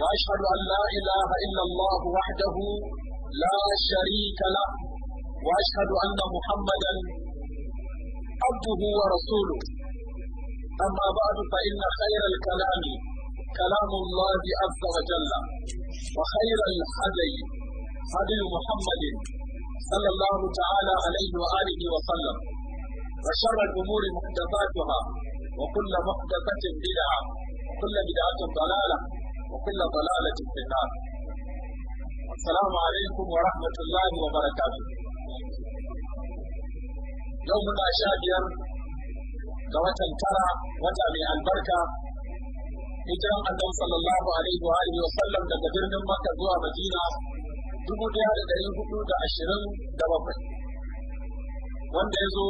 وأشهد أن لا إله إلا الله وحده لا شريك له وأشهد أن محمدا عبده ورسوله أما بعد فإن خير الكلام كلام الله عز وجل وخير الحدي حدي محمد صلى الله تعالى عليه وآله وسلم وشر الأمور محدثاتها وكل محدثة بدعة وكل بدعة ضلالة وكل ضلالة في النار السلام عليكم ورحمة الله وبركاته يومنا شابير ga watan tara wata mai albarka hijiran annabi sallallahu alaihi wa sallam daga birnin Makka zuwa Madina dubu daya da dari hudu da ashirin da bakwai wanda ya zo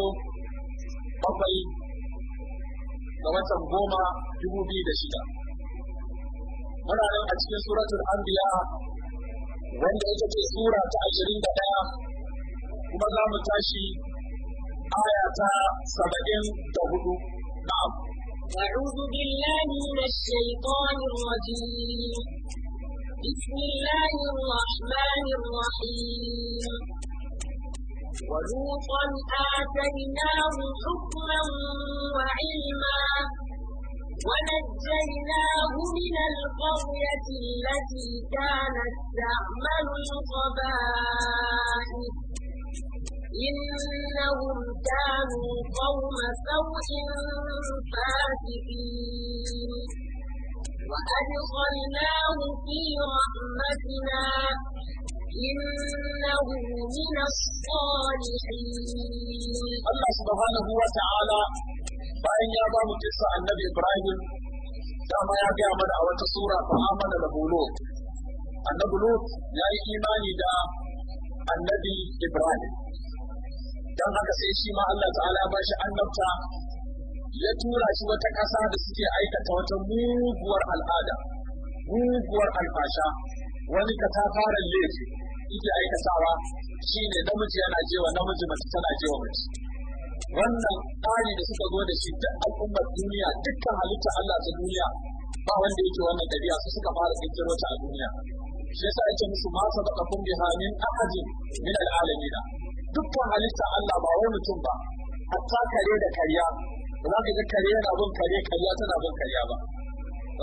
bakwai ga watan goma dubu biyu da shida muna nan a cikin suratul anbiya wanda ita ce sura ta ashirin da ɗaya kuma za mu tashi aya ta saba'in da hudu na'am أعوذ بالله من الشيطان الرجيم بسم الله الرحمن الرحيم ولوطا آتيناه حكما وعلما ونجيناه من القرية التي كانت تعمل القبائل إنهم كانوا قوم سوء فاسقين وأدخلناه في رحمتنا إنه من الصالحين الله سبحانه وتعالى bayan ya ba mu kisa annabi ibrahim dama ya gaya mana a wata sura fa amana da bulut annabi lut ya yi imani da annabi ibrahim dan haka sai shi ma Allah ta'ala ba shi annabta ya tura shi wata ƙasa da suke aikata wata muguwar al'ada muguwar alfasha wani fara laifi ike aikatawa shine namiji yana jewa namiji mace tana jewa mace wannan tsari da suka zo da shi duk al'ummar duniya dukkan halittar Allah ta duniya ba wanda yake wannan dariya su suka fara kirkiro ta a duniya shi yasa yake musu ma sabaka kun biha min ahadin min al'alamin dukkan halittar Allah ba wani mutum ba hatta kare da karya ba za ka ga kare yana bin kare karya tana bin karya ba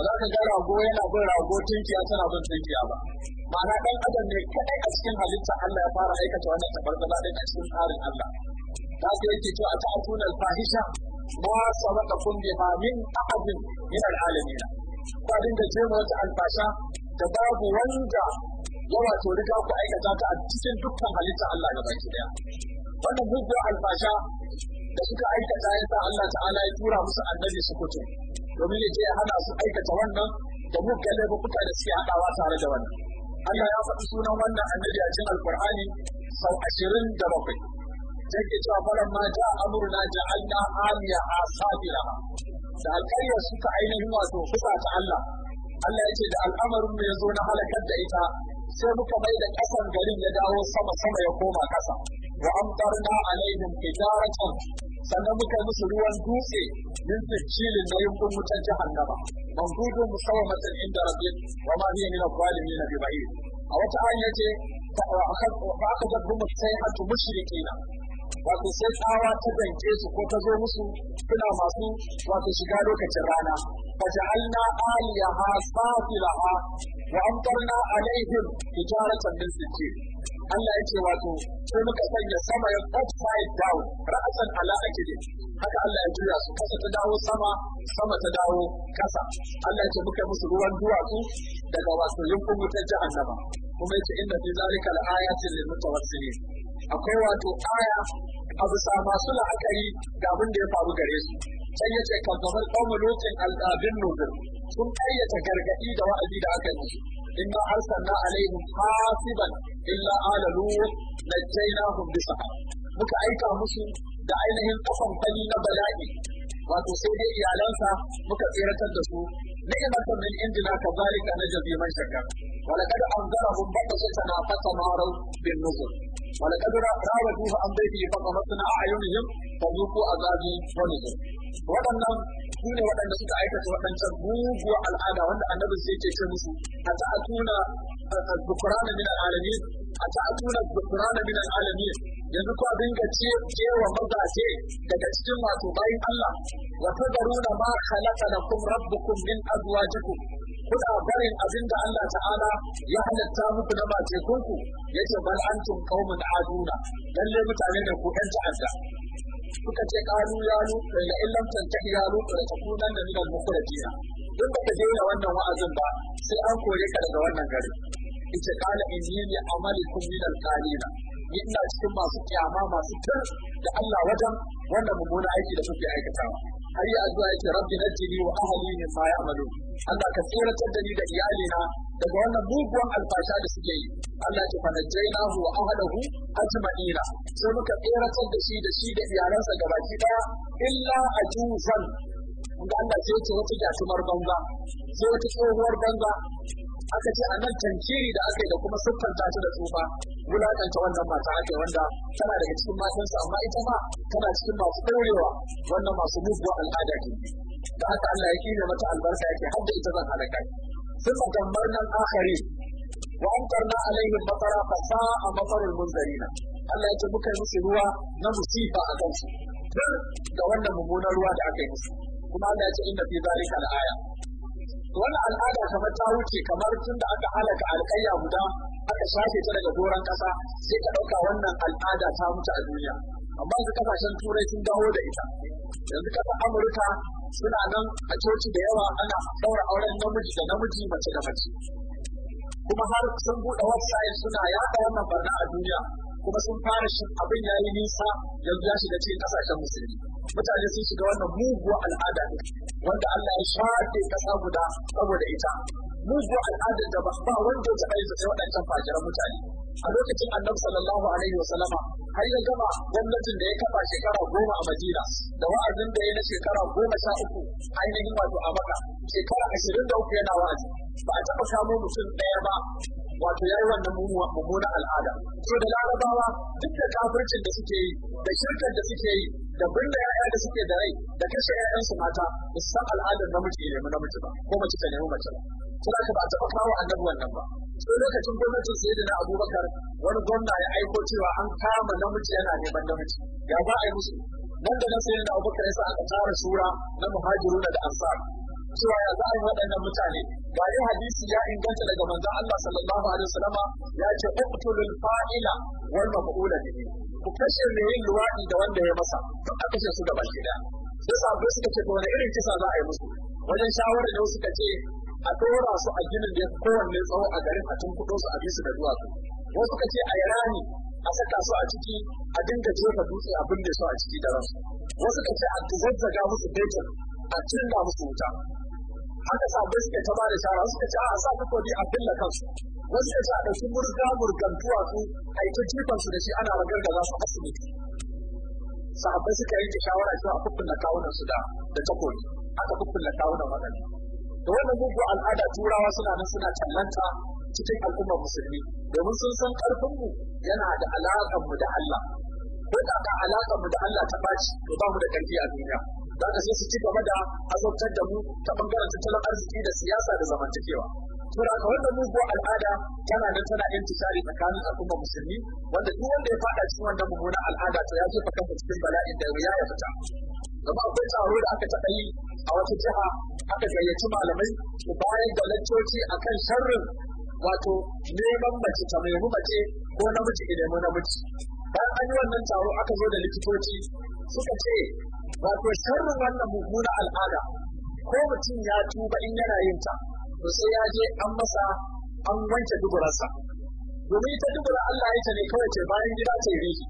ba za ka ga rago yana bin rago tunkiya tana bin tunkiya ba ma'ana ɗan adam ne kaɗai a cikin halittar Allah ya fara aikata wannan tabarbaza ɗin a cikin tsarin Allah ta ga yake cewa a ta'atun al-fahisha ma sabaka kun bi ma min ahadin min al-alamin ba dinga jema wata alfasha da babu wanda ya wato riga ku aikata ta a cikin dukkan halitta Allah ga baki daya wannan mugun alfasha da suka aikata ya sa Allah ta'ala ya tura musu annabi su kutu domin ya ce ya hana su aikata wannan da mugun laifuka da suke haɗawa tare da wannan Allah ya faɗi sunan wannan annabi a cikin Alƙur'ani sau ashirin da bakwai. sai ke cewa faran ma ja amurna ja'alna amiya a sabira da alƙaryar suka ainihin wato fuka ta Allah Allah ya ce da al'amarin mu ya zo na halakar da ita sai muka mai da ƙasan garin ya dawo sama sama ya koma ƙasa wa amtarna alaihim hijaratan sannan muka musu ruwan dutse min sijilin da yunkun wutar jahannama mangudun musawamatan inda rabbi wa ma hiya min adh-dhalimin bi ba'id a wata an yace fa akhadhum as-sayhatu mushrikina wato sai tsawa ta zance su ko ta zo musu suna masu wato shiga lokacin rana faja'alna aliyaha safilaha wa amtarna alaihim hijaratan min sijil Allah yake wato sai muka sanya sama ya upside down ra'asan ala akidin haka Allah ya juya su kasa ta dawo sama sama ta dawo kasa Allah yake muka musu ruwan duwatsu daga wato yankun wutar jahannama kuma yace inna fi zalika la'ayatin lil mutawassimin akwai wato aya a bisa masu la'akari da abin da ya faru gare su Sai ya ce kan kamar kawai lokacin al'adun nufin sun kayyata gargaɗi da wa'azi da aka yi inna arsalna alaihim hasiban illa ala lut najaynahum bisa muka aika musu da ainihin kafan fali na bala'i wato sai dai iyalansa muka tseratar da su ni'mat min indina kadhalika najzi man shakar wa laqad anzarahum baqasatana fatamaraw bin nuzur ولقد راودوه عن بيته فطمسنا اعينهم فذوقوا عذابي ونذر waɗannan su ne waɗanda suka aikata waɗancan muguwar al'ada wanda annabi sai ce ce musu a ta'atuna zukurana min al'alamin a ta'atuna zukurana min al'alamin yanzu ko dinga ce cewa mazaje daga cikin wato bayin Allah wa tadaruna ma khalaqalakum rabbukum min azwajikum kuna barin abin da Allah ta'ala ya halatta muku na bace kunku yace bal antum qaumun aduna lalle mutane da ku ɗan ta'adda Kuka ce kalu ya lutu la illam tantahi ya lutu ta takunan da min al-mukhrajina duk da kaje da wannan wa'azin ba sai an kore ka daga wannan gari ita kala inni ne amalikum min al-qalina ni ina cikin masu kiyama masu tar da Allah wajen wannan mummunan aiki da suke aikatawa har yi addu'a yake rabbi najini wa ahli min ma amalu Allah ka tsiratar da ni da iyalina daga wannan muguwan alfasha da suke yi Allah ya fanajjaina hu wa ahadahu ajma'ina sai muka tsiratar da shi da shi da iyalansa gabaki daya illa ajuzan ga Allah sai ce wata gasumar banza sai wata tsohuwar banza aka ce a nan tankiri da aka yi da kuma siffanta ta da tsufa wulaƙanta wannan mata ake wanda tana daga cikin matansa amma ita ma tana cikin masu daurewa wannan masu muguwa al'ada ne da haka Allah ya kine mata albarka yake da ita zan halaka sun gambar nan akari wa amtarna alaihim matara fa sa'a matarul munzarina Allah ya ce muka yi musu ruwa na musifa a kansu da wannan mummunan ruwa da aka yi musu kuma Allah ya ce inna fi zalika al'aya wannan al'ada kamar ta wuce kamar tun da aka halaka alƙayya guda aka shafe ta daga doron ƙasa sai ka ɗauka wannan al'ada ta mutu a duniya amma su kasashen turai sun dawo da ita yanzu kasar amurka suna nan a coci da yawa ana ɗaura auren namiji da namiji mace da mace kuma har sun buɗe website suna yaɗa wannan barna a duniya kuma sun fara shi abin ya yi nisa yanzu ya shiga cikin kasashen musulmi mutane sun shiga wannan muguwa al'ada ne wanda Allah ya shafe kasa guda saboda ita muguwa al'adar da ba wanda ya taɓa yi sai waɗancan fajiran mutane a lokacin annabi sallallahu alaihi wasallama har ya gama gwamnatin da ya kafa shekara goma a madina da wa'azin da ya na shekara goma sha uku ainihin wato a Makka shekara ashirin da uku yana wa'azi ba a taɓa samo mutum ɗaya ba wato ya yi wannan mummunan al'ada so da larabawa duk da kafircin da suke yi da shirkar da suke yi da binne ya'ya da suke da rai da kashe ya'yansu mata da san al'adar namiji ne mu namiji ba ko mace ta nemi mace ba suna ka ba a taɓa kawo annabi wannan ba sai lokacin gwamnatin sai na abubakar wani gwamna ya aiko cewa an kama namiji yana neman namiji ya ba a yi musu nan da nan sai na abubakar ya sa aka tara shura na muhajiruna da ansar cewa ya za a yi waɗannan mutane ga hadisi ya inganta daga manzon Allah sallallahu alaihi wasallama ya ce uqtulul fa'ila wal maf'ula bihi ku kashe mai yin luwaɗi da wanda ya masa a kashe su gaba ki daya sai sabai suka ce wani irin kisa za a yi musu wajen shawarar da suka ce a ɗora su a ginin da ya fi kowanne tsawo a garin a tunkuɗo su a bisu da duwatsu wasu suka ce a yi rami a saka su a ciki a dinga jefa dutse a binne su a ciki da ransu wasu suka ce a zazzaga musu fetur a cinna musu wuta haka sabai suka ta ba da shara suka ce a sa takobi a filla kansu wasu ya sa da su murga murgan duwatsu a yi ta jifan su da shi ana ragar da za su asibiti sahabbai suka yi yanke shawara cewa a kukkulla kawunan su da da takobi aka kukkulla kawunan magani. da wannan gugu al'ada turawa suna nan suna callanta cikin al'ummar musulmi domin sun san ƙarfinmu yana da mu da Allah ko da mu da Allah ta ɓaci to ba mu da ƙarfi a duniya za ka sai su ci gaba da azautar da mu ta bangaren tattalin arziki da siyasa da zamantakewa Tura ka wanda mugu al'ada tana da tana yin tsari tsakanin al'umma musulmi wanda duk wanda ya fada cikin mu mummunan al'ada to ya jefa kansa cikin bala'in da ya ya fita Gaba akwai taro da aka taɓa yi a wata jiha aka gayyaci malamai su bayar da a kan sharrin wato neman mace ta nemi mace ko namiji ki nemi namiji bayan an yi wannan taro aka zo da likitoci suka ce wato sharrin wannan mummuna al'ada ko mutum ya tuba in yana yin ta to sai ya je an masa an wanke duburarsa domin ita dubura Allah ya ta ne kawai ce bayan gida ta yi rihi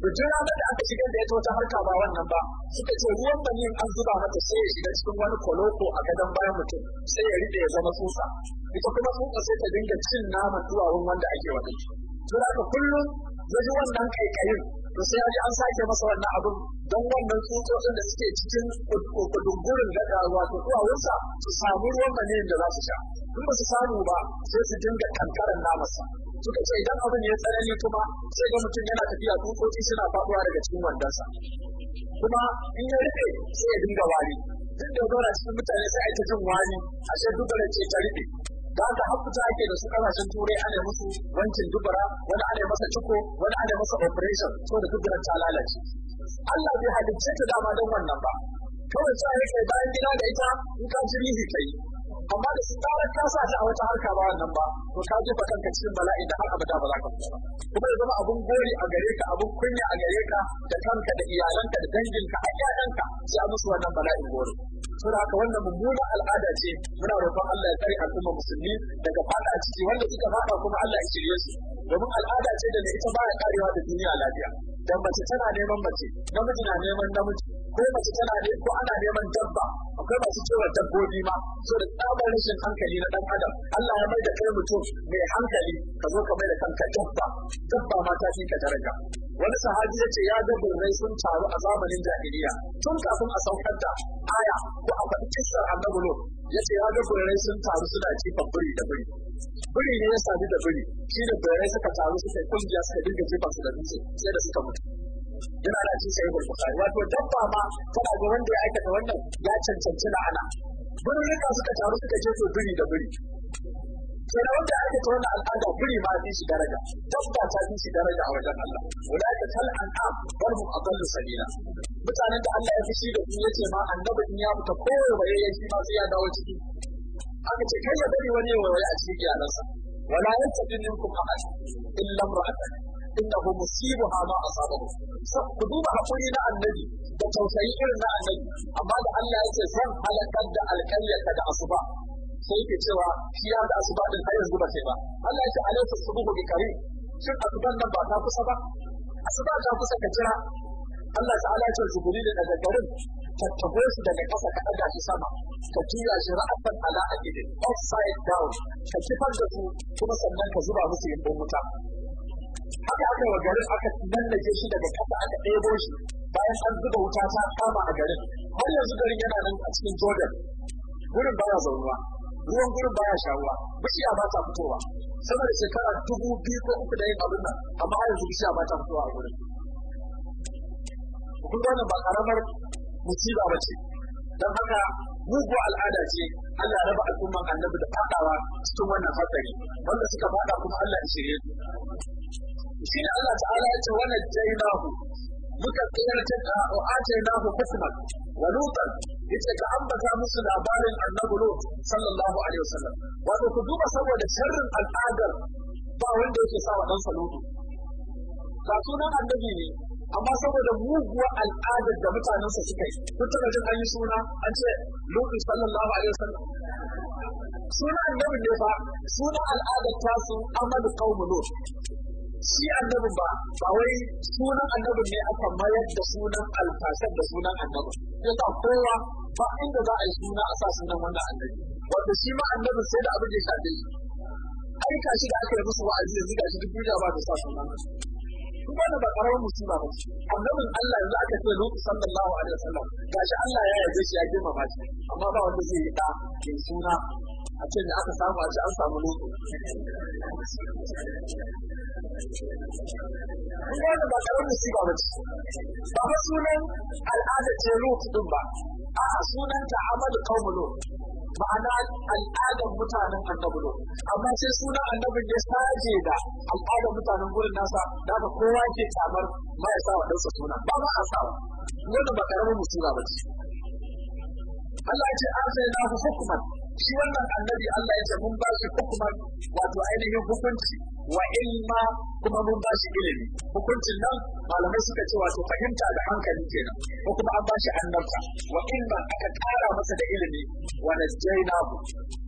to tun ranar da aka shigar da ita wata harka ba wannan ba suka ce ruwan maniyin an zuba mata sai ya shiga cikin wani koloko a gadon bayan mutum sai ya riɗe ya zama tsutsa ita kuma tsutsa sai ta dinga cin naman duwawun wanda ake wani Tura haka kullum ya ji wannan kaikayin to sai ji an sake masa wannan abin don wannan tsutsotsin da suke cikin kudungurin gada kuwa wunsa su samu ruwan maniyin da za su sha in ba su samu ba sai su dinga kankaran namasa suka ce idan abin ya tsanani kuma sai ga mutum yana tafiya tsutsotsi suna faɗuwa daga cikin wandonsa kuma in ya rufe sai ya dinga wari duk da dora cikin mutane sai ake jin wari ashe duk da ce ta rufe da aka hakuta ake da su kasashen turai ana musu wancin dubara wani ana masa ciko wani ana masa operation so da dubaran ta lalace Allah bai halicce ta dama don wannan ba kawai sa kai bayan gida da ita in ka ji rihi kai amma da sun tsara ka sa shi a wata harka ba wannan ba to ka jefa kanka cikin bala'i da har abada ba za ka fita kuma ya zama abun gori a gare ka abun kunya a gare ka da kanka da iyalanka da danginka a ƴaƴanka sai a musu wannan bala'in gori saboda haka wannan mummunan al'ada ce muna roƙon Allah ya tsare al'umma musulmi daga fada a ciki wanda suka fada kuma Allah ya shirye su domin al'ada ce da ita ba ya karewa da duniya lafiya dan mace tana neman mace namiji na neman namiji ko mace tana ne ko ana neman dabba akwai masu cewa dabbobi ma so da tsabar rashin hankali na dan adam Allah ya mai da kai mutum mai hankali ka zo ka mai da kanka dabba dabba ma ta ka daraja wani sahabi ya ce ya ga birrai sun taru a zamanin jahiliya tun kafin a saukar da aya ko a faɗi kissar annabi lo ya ce ya ga birrai sun taru suna jifan biri da biri biri ne ya sadu da biri shi da birrai suka taru suka kungiya suka dinga jifa su da dutse sai da suka mutu yana da cikin sahih al wato dabba ma tana ga wanda ya aikata wannan ya cancanci la'ana gurin rika suka taru suka ce to biri da biri Sai kenan wanda ake ta wannan al'ada guri ma fi shi daraja dabba ta fi shi daraja a wajen Allah wala ta kal an'am bal hum adallu sabila mutanen da Allah ya fi shi da su yace ma annabi in ya fita ko waye ya shi ma sai ya dawo ciki aka ce kai ya bari wani waye a cikin yaransa wala yattaqin minkum ahad illa imra'atan innahu musibuha ma asabahu ku duba hakuri na annabi da tausayi irin na annabi amma da Allah ya ce zan halakar da alƙaryarka da asuba sai ke cewa shi ya da asuba din har yanzu ba sai ba Allah ya ce alaysa subuhu bi kari shin asuban nan ba ta kusa ba asuba ta kusa ka jira Allah ta'ala ce zuburi da daga garin tattago shi daga kasa ka ɗaga shi sama ka juya shi ra'atan ala a gidi upside down ka kifar da su kuma sannan ka zuba musu yin wuta haka aka wa garin aka lallake shi daga kasa aka ɗebo shi bayan an zuba wuta ta kama a garin har yanzu garin yana nan a cikin jordan gurin baya zaunuwa ruwan gurin baya shawuwa bishiya ba ta fitowa sama da shekara dubu biyu ko uku da yin abin nan amma har yanzu bishiya ba ta fitowa a gurin kun wannan ba karamar musiba ba ce don haka mugu al'ada ce Allah raba al'umman annabi da fadawa cikin wannan hatsari wanda suka fada kuma Allah ya shirye su shi ne Allah ta'ala ya ce wannan jainahu muka tsayarce a ace na ku kusma wa lutan yace ka ambata musu labarin annabi lut sallallahu alaihi wasallam wato ku duba saboda sharrin al'adar ba wanda yake sa wa dan salutu ba sunan annabi ne amma saboda muguwar al'adar da mutanensa suka yi kun taɓa jin an yi suna an ce lutu sallallahu alaihi wasallam suna annabi ne fa sunan al'adar tasu amadu qaumu lut shi annabin ba ba wai sunan annabin ne aka mayar da sunan alfasar da sunan annabin yasa kowa ba inda za a yi suna a sa sunan wannan annabi wanda shi ma annabin sai da abin da ya shafe shi aika shi da aka yi musu wa'azi yanzu ga shi duk duniya ba da sa sunan wannan ba karamar musiba ba ce annabin Allah yanzu aka ce Nuhu sallallahu alaihi wasallam gashi Allah ya yarda shi ya girmama shi amma ba wanda zai yi da ke suna a ce da aka samu a ce an samu Nuhu kun ga wannan ba karamar musiba ba ce ba fa sunan al'ada ce Nuhu din ba a'a sunan ta Ahmadu Kaumulu ma'ana al'adar mutanen annabi ne amma sai suna annabin ya saje da al'adar mutanen gurin nasa da ka kowa ke kamar ma ya sawa ɗansa suna ba ma a sawa wanda ba karamin musiba ba ce Allah ya ce an sai na hukumar shi wannan annabi Allah ya ce mun ba shi hukuman wato ainihin hukunci wa ilma kuma mun ba shi ilimi hukuncin nan malamai suka ce wato fahimta da hankali kenan ko kuma an ba shi annabta wa ilma aka kara masa da ilimi wa najjaynahu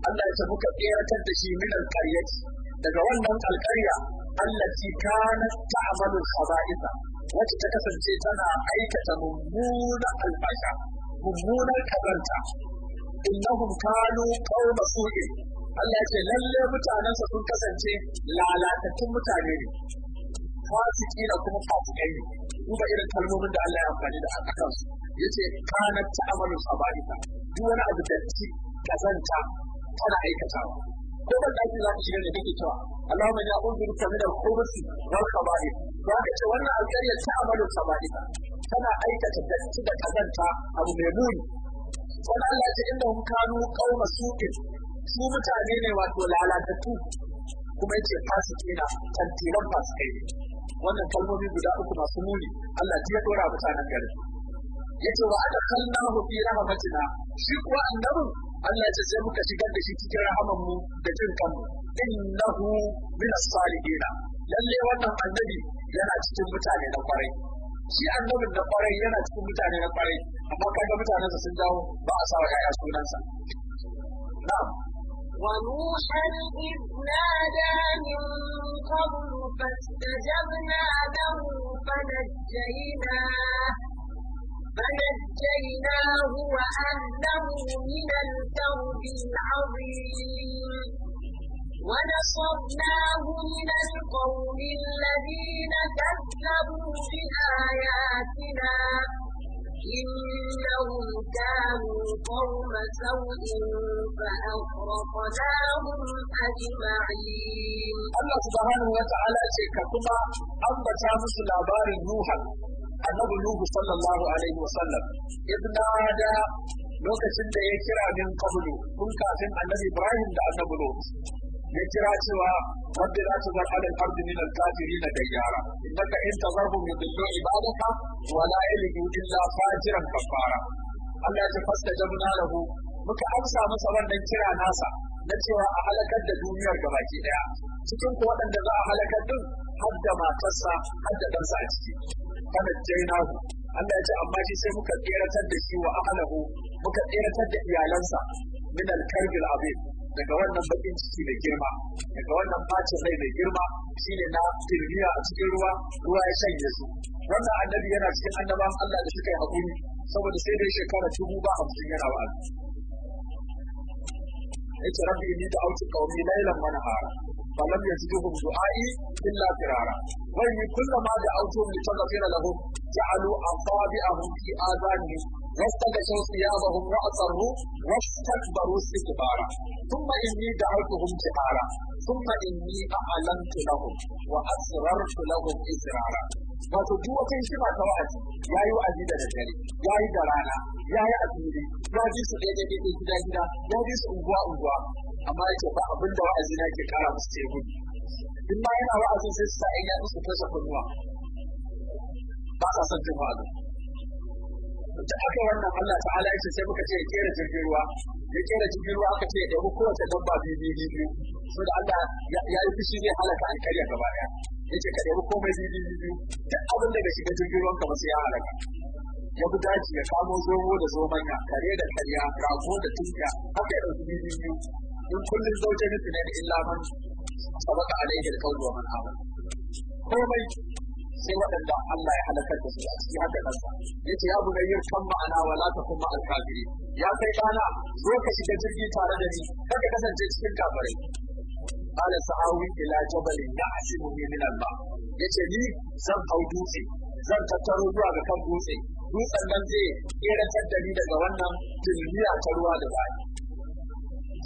Allah ya ce muka tseratar da shi min alqaryati daga wannan alqarya allati kanat ta'malu khaba'itha wacce ta kasance tana aikata mummunan albasha mummunan kazanta innahum kanu qauma su'in Allah ya ce lalle mutanensa sun kasance lalatattun mutane ne fasiki da kuma fasikai ne duba irin kalmomin da Allah ya amfani da a kansu yace kanat ta'amalu sabaita duk wani abu da ci kazanta tana aikatawa ko ban daki za ka shiga ne kake cewa Allahumma ya unzuru ka min al-khubuthi wal khaba'ith za ka ce wannan alƙarya ta'amalu sabaita tana aikata da ci da kazanta abu mai muni wani Allah ce inda hun kanu kauma suke su mutane ne wato lalatattu kuma yace fasike na tantiran fasike wannan kalmomi guda uku masu muni Allah ji ya dora mutanen garin yace wa ana kallahu fi rahmatina shi kuwa annabin Allah ce sai muka shigar da shi cikin rahaman mu da jin kanmu innahu min as-salihin lalle wannan annabi yana cikin mutane na kwarai shi annabin da kwarai yana cikin mutane na kwarai amma kaga mutanen sun dawo ba a sa wa ƴaƴa sunansa na'am ونوحا إذ نادى من قبل فاستجبنا له فنجيناه فنجيناه وأهله من الكرب العظيم ونصرناه من القوم الذين كذبوا بآياتنا إنهم كانوا قوم سوء فأغرقناهم أجمعين الله سبحانه وتعالى سيكتما أما تامس الأبار نوحا annabi Nuhu sallallahu alaihi wasallam idna da lokacin da ya kira min qablu kun kafin annabi Ibrahim da annabi Lut ya kira cewa rabbi la tazar ala al-ardi min al-kafirin dayyara innaka in tazarhum yudillu ibadaka wa la yalidu illa fajiran kafara Allah ya fasta jabna lahu muka amsa masa wannan kira nasa na cewa a halakar da duniyar baki daya cikin ku waɗanda za a halakar din har da matarsa har da ɗansa a ciki kana ku Allah ya ce amma shi sai muka tseratar da shi wa ahlahu muka tseratar da iyalansa min al-karbil abin. daga wannan bakin ciki da girma daga wannan bacin rai da girma shine na tirmiya a cikin ruwa ruwa ya shanye su wannan annabi yana cikin annaban Allah da suka yi haƙuri saboda sai dai shekara dubu ba hamsin yana wa Allah. Ita rabbi ni ta inni da'awtu qaumi hara. wa ya falam yaziduhum du'ai illa firara wa da kullama da'awtuhum litaghfira lahu ja'alu asabi'ahum fi adhanihim واستغشوا ثيابهم واصروا واستكبروا استكبارا ثم اني دعوتهم جهارا ثم اني اعلنت لهم واسررت لهم اسرارا wato duk wata hikima ta wa'azi ya yi wa'azi da daddare ya yi da rana ya yi a fili ya ji su ɗaya ɗaya ɗaya gida gida ya ji su unguwa unguwa amma ya ce ba abin da wa'azi na ke kara musu sai gudu in ma yana wa'azin sai su sa ɗan ya musu fesa kunnuwa ba sa son jin wa'azi da aka wannan Allah ta'ala ya ce sai muka ce ya kera jirgin ruwa ya kera jirgin ruwa aka ce ya dauki kowace dabba biyu biyu biyu so da Allah ya yi fushi zai halaka an karya gaba daya ya ce ka dauki komai biyu biyu biyu da abin da shiga jirgin ruwan ka ba sai ya halaka ya bi daji ya kamo zomo da zomanya kare da karya rago da tuska haka ya dauki biyu biyu in kullum zauje nufi ne da illa man sabaka alaihi da wa man amana komai sai waɗanda Allah ya halakar da su a cikin haka Ya yace ya bunayyar kan ma'ana wala ta kuma alkafiri ya kai ɗana zo ka shiga jirgi tare da ni kada kasance cikin kafirai ala sa'awi ila jabalin ya'shimuhu min al-ba yace ni zan hau dutse zan tattaro zuwa ga kan dutse dutsen nan zai kera da daga wannan tilmiya ta ruwa da bayi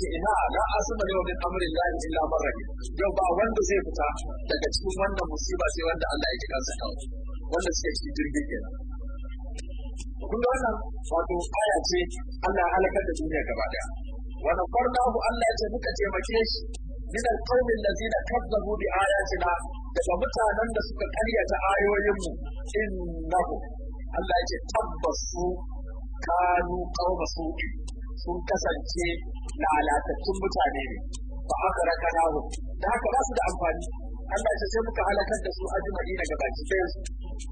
ce ina la asuma da min amrin la illa man rahim yau ba wanda zai fita daga cikin wannan musiba sai wanda Allah ya ji kansa kawai wanda suke cikin jirgin kenan kun ga wannan wato aya ce Allah ya halakar da duniya gaba daya wa nafarnahu Allah ya ce muka taimake shi من القوم الذين كذبوا بآياتنا daga mutanen da suka karya ta ayoyinmu innahu Allah ya ce tabbas su kanu qauma su'i sun kasance lalatattun mutane ne ba haka raka nahu da haka ba su da amfani Allah ya sai muka halakar da su ajma'i na baki ɗaya su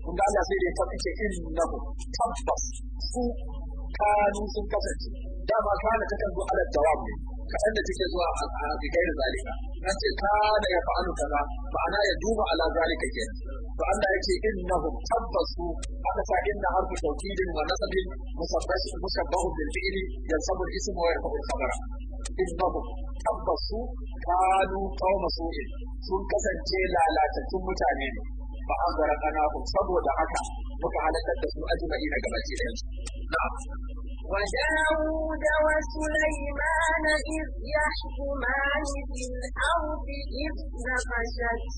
kun ga Allah sai da ya tabbace innahu tabbas su kanu sun kasance dama kana ta kan zo ala jawab ne kaɗan da take zuwa a gairin zalika nan ce kana ya fa'alu kaza Ba ma'ana ya duba ala zalika kenan فالله يكي إنهم تنفسوا أنا سا إن حرف ونسب مصبس مشبه ينصب الاسم ويرفع الخبر إنهم تنفسوا كانوا قوم سوء سن كسن لا تتم تانين فأغر قناهم صبوة عكا وكعلك الدفن أجمعين قبل نعم وداود وسليمان إذ يحكمان في الأرض إذ نفشت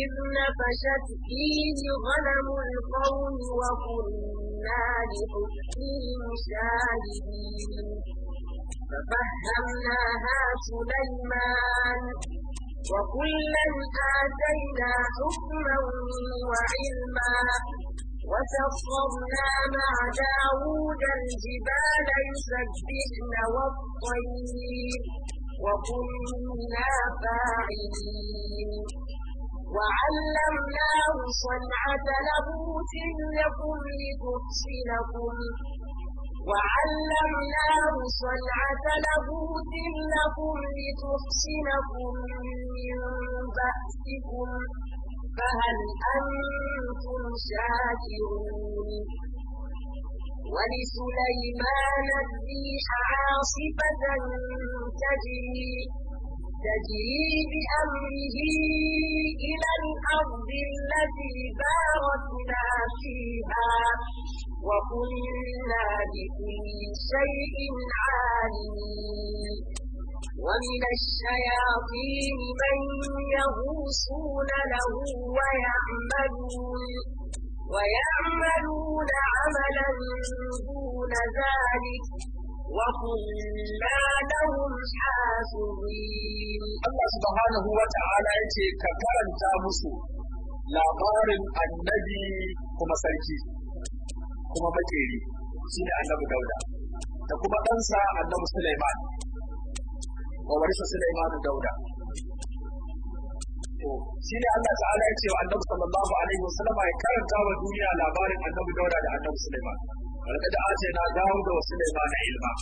إذ نفشت فيه غنم القوم وكنا لحكمهم شاهدين ففهمناها سليمان وكلا آتينا حكما وعلما وسخرنا مع داود الجبال يسبحن والطير وكنا فاعلين وعلمناه صنعة لبوس لكم لتحصنكم وعلمناه صنعة لبوس لكم لتحصنكم من بأسكم فهل أنتم شاكرون ولسليمان الريح عاصفة تجري تجري بأمره إلى الأرض التي باركنا فيها وكنا بكل شيء عالمين ومن الشياطين من يغوصون له ويعملون ويعملون عملا دون ذلك وكنا لهم ta'ala ya ce ka karanta musu labarin annabi kuma Sarki, kuma Makeri, shi ne Annabi Dauda, da kuma ɗansa annabi Sulaiman wa warisa Sulaiman Dauda to shi ne Allah ta'ala ya ce wa annabi sallallahu alaihi wasallam ya karanta wa duniya labarin annabi Dauda da annabi Sulaiman ولقد آتينا داود وسليمان علما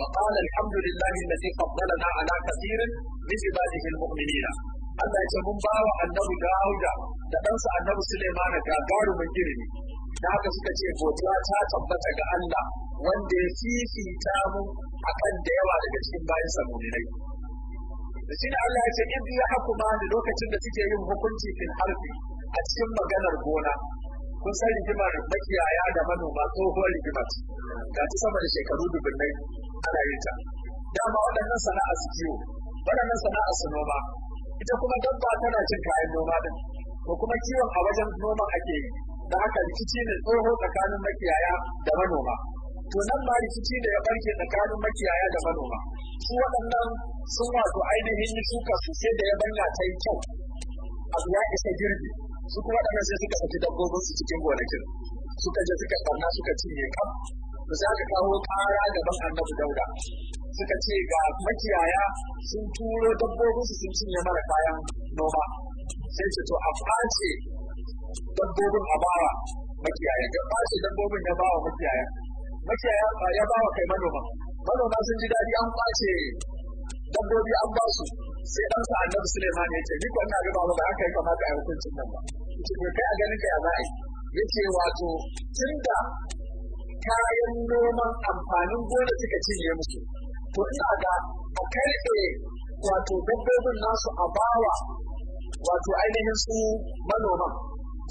وقال الحمد لله الذي فضلنا على كثير من عباده المؤمنين الله يسمون باو النبي داود تدنس النبي سليمان كدار من جرمي ذاك سكتي فوتا تتبت كأننا وندي فيفي تامو أكن ديوا لكتين باين سمونيني لسينا الله يسمون إذ يحكمان لوكتين نتيجة يوم حكمتي في الحرب أتسمى جنر بونا kun san rigimar makiyaya da manoma tsohuwar rigima ce ga ta sama da shekaru dubunnai ana yin ta dama waɗannan sana'a su kiwo waɗannan sana'a su noma ita kuma dabba tana cin kayan noma din ko kuma kiwon a wajen noma ake yi da haka rikici ne tsoho tsakanin makiyaya da manoma to nan ma rikici da ya barke tsakanin makiyaya da manoma su waɗannan sun wato ainihin shuka su sai da ya banya ta yi kyau abu ya isa girbi su kuma waɗannan sai suka saki dabbobin su cikin gonakin suka je suka ɗanna suka cinye kam da za ka kawo ƙara gaban annabi dauda suka ce ga makiyaya sun turo dabbobin su sun cinye mara kayan noma sai ce to a face dabbobin a bawa makiyaya ga face dabbobin ya bawa makiyaya makiyaya ya bawa kai manoma manoma sun ji daɗi an kwace dabbobi an ba su sai dan sa annabi Sulaiman ya ce duk wannan ina ga ba haka ya kamata a hukuncin nan ba ce kai a ganin ka ya za a yi yace wato tunda kayan noman amfanin gona suka cinye musu to ina ga a karɓe wato dabbobin nasu a bawa wato ainihin su manoman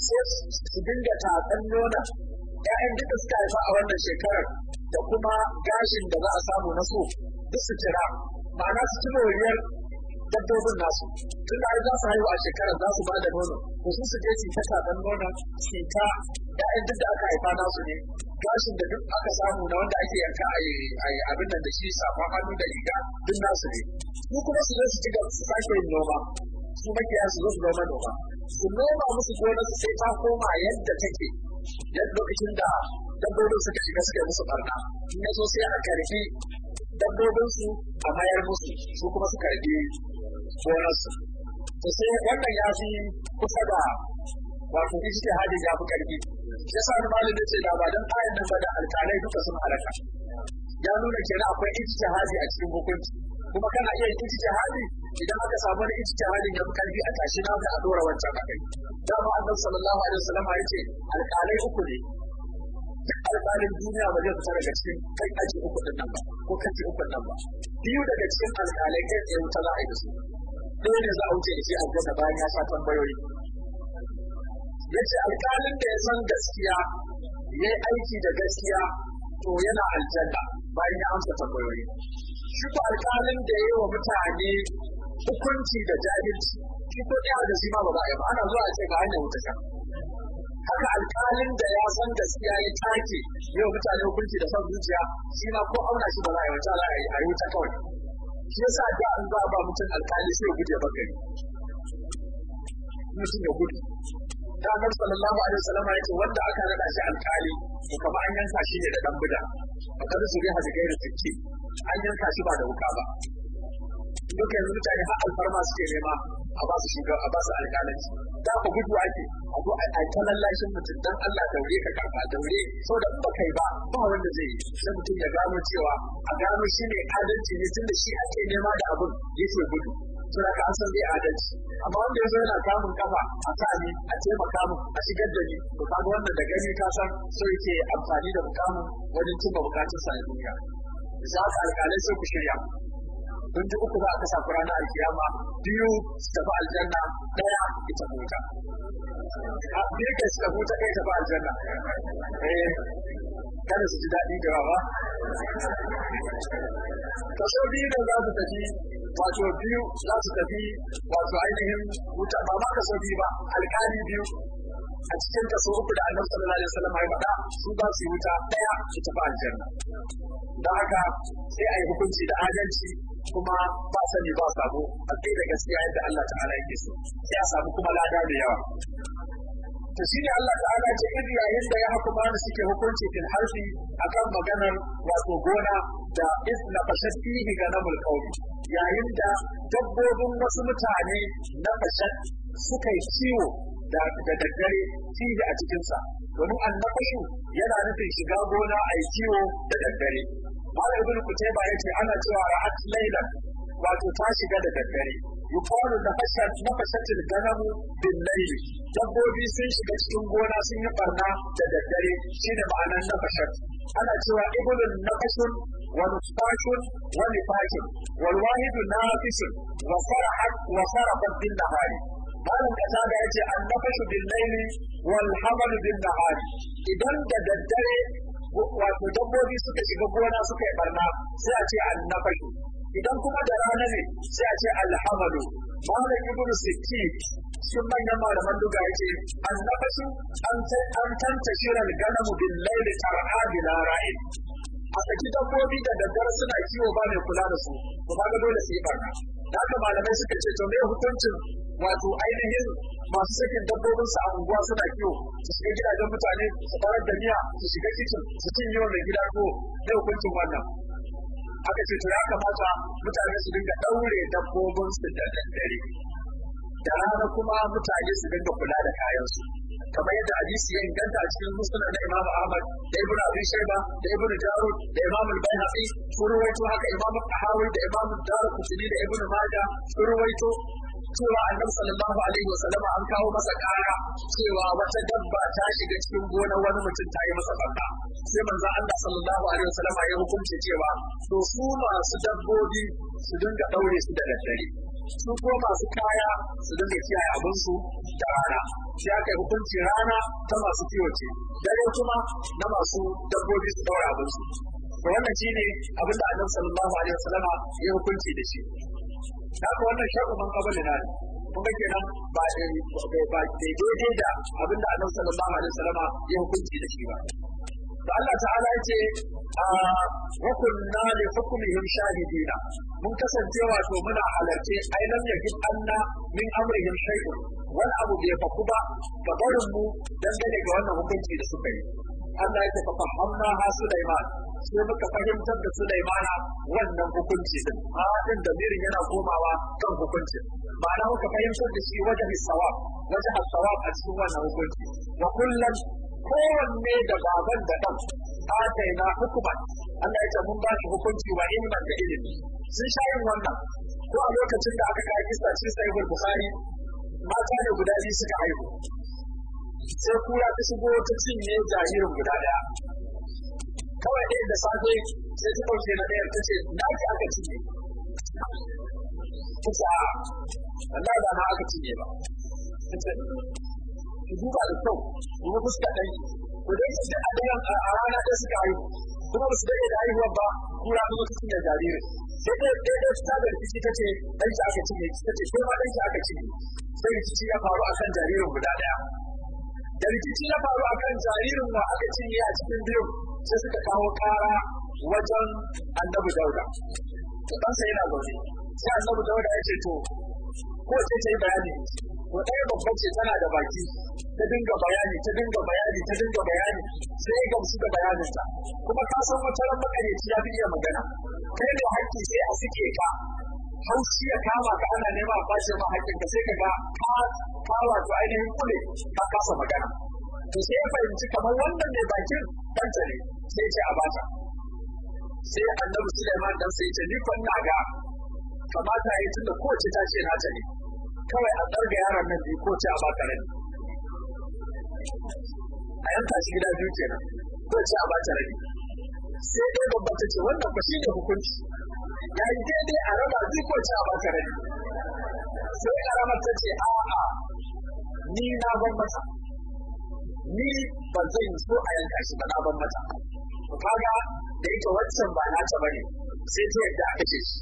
sai su dinga tatsan nona ‘ya'yan duka suka haifa a wannan shekarar da kuma gashin da za a samu na so duk su kira ma'ana su ci moriyar dabbobin nasu tun da za su haihu a shekara za su ba da nono to su su je su ta saban nono su ta ya'yan duk da aka haifa nasu ne gashin da duk aka samu na wanda ake yanka a yi abin nan da shi safan hannu da riga duk nasu ne su kuma su zo su ci gaba su sake yin noma su makiya su zo su noma noma su noma musu su sai ta koma yadda take yadda lokacin da dabbobin suka shiga suka musu barna in ya zo sai a karfi dabbobinsu a mayar musu su kuma su karbi sauransu Ta sai wannan ya fi kusa da wato hajji ya fi karfi ya sa ni da ce da ba don ayin nan ba da alƙalai duka sun halaka ya nuna ke akwai hajji a cikin hukunci kuma kana iya yin hajji idan aka samu wani hajji ya fi karfi a tashi na da a dora wancan kai dama annabi sallallahu alaihi wasallam ya ce alƙalai uku ne duk alƙalin duniya ba zai fita daga cikin kai aji uku din nan ba ko kashi uku nan ba biyu daga cikin alƙalai kai tsaye wuta za a yi da su Dole ne za a wuce da shi aljanna bayan ya sha tambayoyi ya ce alƙalin da ya san gaskiya ya yi aiki da gaskiya to yana aljanna bayan ya amsa tambayoyi shi ko alƙalin da ya yi wa mutane hukunci da jahilci shi ko ɗaya da shi ma ba za a yi ba ana zuwa a ce ga hanyar wuta can haka alƙalin da ya san gaskiya ya take ya wa mutane hukunci da son zuciya shi ma ko auna shi ba za a yi wuta za a yi wuta kawai shi yasa da an ba ba mutum alkali sai ya guje gari. mutum ya gudu Ta annabi sallallahu alaihi wasallam ya ce wanda aka nada shi alkali to kamar an yanka shi ne da dan bida fakar su ga hada gairi tsikki an yanka shi ba da wuka ba duka yanzu mutane har alfarma suke nema a ba su shugaba a ba su alkalanci da ku gudu ake a zo a ta lallashin mutum dan Allah daure ka kafa daure saboda da ba kai ba ba wanda zai yi sai mutum ya gano cewa a gano shi ne adalci ne tunda shi ake nema da abin yake gudu to da an san zai adalci amma wanda ya zo yana kamun kafa a sani a taimaka mu a shigar da ni to kaga wannan da gani ka san sai yake amfani da mukamin wajen cimma bukatun sa a duniya za alƙalai sai ku shirya sun uku za a kasa ku ranar alkiyama biyu su tafi aljanna ɗaya ita huta a biyu ke su tafi huta kai tafi aljanna eh kada su ji daɗi da yawa kaso biyu da za su tafi wato biyu za su tafi wato ainihin wuta ba ma kaso biyu ba alƙali biyu a cikin kaso uku da annabi sallallahu alaihi wasallam ya faɗa su ba su yi wuta ɗaya su tafi aljanna don haka sai a yi hukunci da adalci kuma ba sani ba sabo a kai da gaskiya yadda Allah ta'ala yake so ya samu kuma lada da yawa to shine Allah ta'ala ce idan yayin da ya hukuma da suke hukunci fil harfi akan maganar wato gona da isna fashatihi ga namul qawmi yayin da dabbobin wasu mutane na fashat suka yi ciwo da daddare fihi a cikinsa domin annabashu yana nufin shiga gona a yi ciwo da daddare malam ibn kutaiba yace ana cewa ra'at laila wato ta shiga da daddare yuqalu na fashatin ganamu bin layl dabbobi sun shiga cikin gona sun yi barna da daddare shine ma'anar nafashat ana cewa ibnun nafashun wa nufashun wa nifashun wal wahidu nafisun wa farahat wa sarafat bin nahari malam kasa da yace an nafashu bin laili wal hamalu bin nahari idan da daddare wato dabbobi suka shiga gona suka yi barna sai a ce annabashu idan kuma da rana ne sai a ce alhamadu malam ibnu sikki sun manyan malaman duga yace ce, an an tanta shiral ganamu bil layli tar'a bila ra'id a saki dabbobi da daddare suna kiwo ba mai kula da su ba ga dole sai barna da aka malamai suka ce to me hukuncin wato ainihin masu sakin dabbobin su a unguwa suna kiwo su shiga gidajen mutane su farar da miya su shiga kicin su cinye mai gida ko me hukuncin wannan aka ce to ya kamata mutane su dinga daure dabbobin su da daddare da rana kuma mutane su dinga kula da kayan su kamar yadda hadisi ya inganta a cikin musnad na Imam Ahmad da Ibn Abi Shayba da Ibn Jarud da Imam Al-Baihaqi sun ruwaito haka Imam Tahawi da Imam Darqutni da Ibn Majah sun ruwaito cewa annabi sallallahu alaihi wasallam an kawo masa kara cewa wata dabba ta shiga cikin gonar wani mutum ta yi masa barka sai manzo Allah sallallahu alaihi wasallam ya hukunce cewa to su masu dabbobi su dinga daure su da daddare su ko masu kaya su dinga kiyaye abinsu da rana sai aka yi hukunci rana ta masu kiwo ce dare kuma na masu dabbobi su daura abinsu to wannan shine abin da annabi sallallahu alaihi wasallama ya hukunci da shi haka wannan shaku man kabali na ne kuma kenan ba eh, ba dai da abin da annabi sallallahu alaihi wasallama ya hukunci da shi ba da Allah ta'ala ya ce ah, wa kunna li hukmihim shahidina mun kasance wato muna halarce ai ya fi anna min amrihim shay'un wani abu bai faku ba ga barin mu dangane ga wannan hukunci da suka yi Allah ya tafa hamna ha Sulaiman sai muka fahimtar da na wannan hukunci din hadin da mirin yana komawa kan hukuncin na muka fahimtar da shi wajen sawab wajen sawab a cikin wannan hukunci wa kullum kowanne da baban da ɗan ataina hukuman Allah ya ce mun ba shi hukunci wa ilman da ilimi sun sha yin wannan ko a lokacin da aka kai kisa cikin sahihul bukhari mata ne guda biyu suka haihu sai kura ta shigo ta cinye jaririn guda daya kawai ɗaya da safe sai ta ɗauke na ɗaya ta ce na ki aka cinye kusa. ce a Allah da na aka cinye ba ta ce ki duba da kyau ki fuska ɗanki ku dai su da adinan a rana ɗaya suka haihu kuma ba su daɗe da haihuwar ba kura ta su cinye jaririn sai dai ɗaya ɗaya ta da rikici ta ce ɗan shi aka cinye ta ce shi ma ɗan shi aka cinye sai rikici ya faru a kan jaririn guda ɗaya da rikici ya faru a kan jaririn wa aka cinye a cikin biyun sai suka kawo ƙara wajen annabi dauda ɗansa yana zaune sai annabi dauda ya ce to ko sai ta yi bayani to ɗaya babba ce tana da baki ta dinga bayani ta dinga bayani ta dinga bayani sai gamsu da bayaninta kuma ka san wata ran makareci ya fi iya magana kai da hakki sai a suke ka haushi ya kama ka ana nema a kwashe ma ka sai ka ga ka wato ainihin kule ka kasa magana to sai ya fahimci kamar wannan ne bakin ɗanta ne sai ce a bata sai annabi Sulaiman dan sai ce ni kwan na ga kamata ya tunda kowace ta ce nata ne kawai a tsarga yaron nan biyu ko ce a baka rabi a yanka shi gida biyu kenan ko ce a baka rabi sai dai babba ta ce wannan ba shi ne hukunci ya yi daidai a raba biyu ko ce a baka rabi sai karamar ta ce a'a ni na ban mata ni ba zan so a yanka shi ba na ban mata kaga da yake wancan ba na ta bane sai ta yadda aka ce shi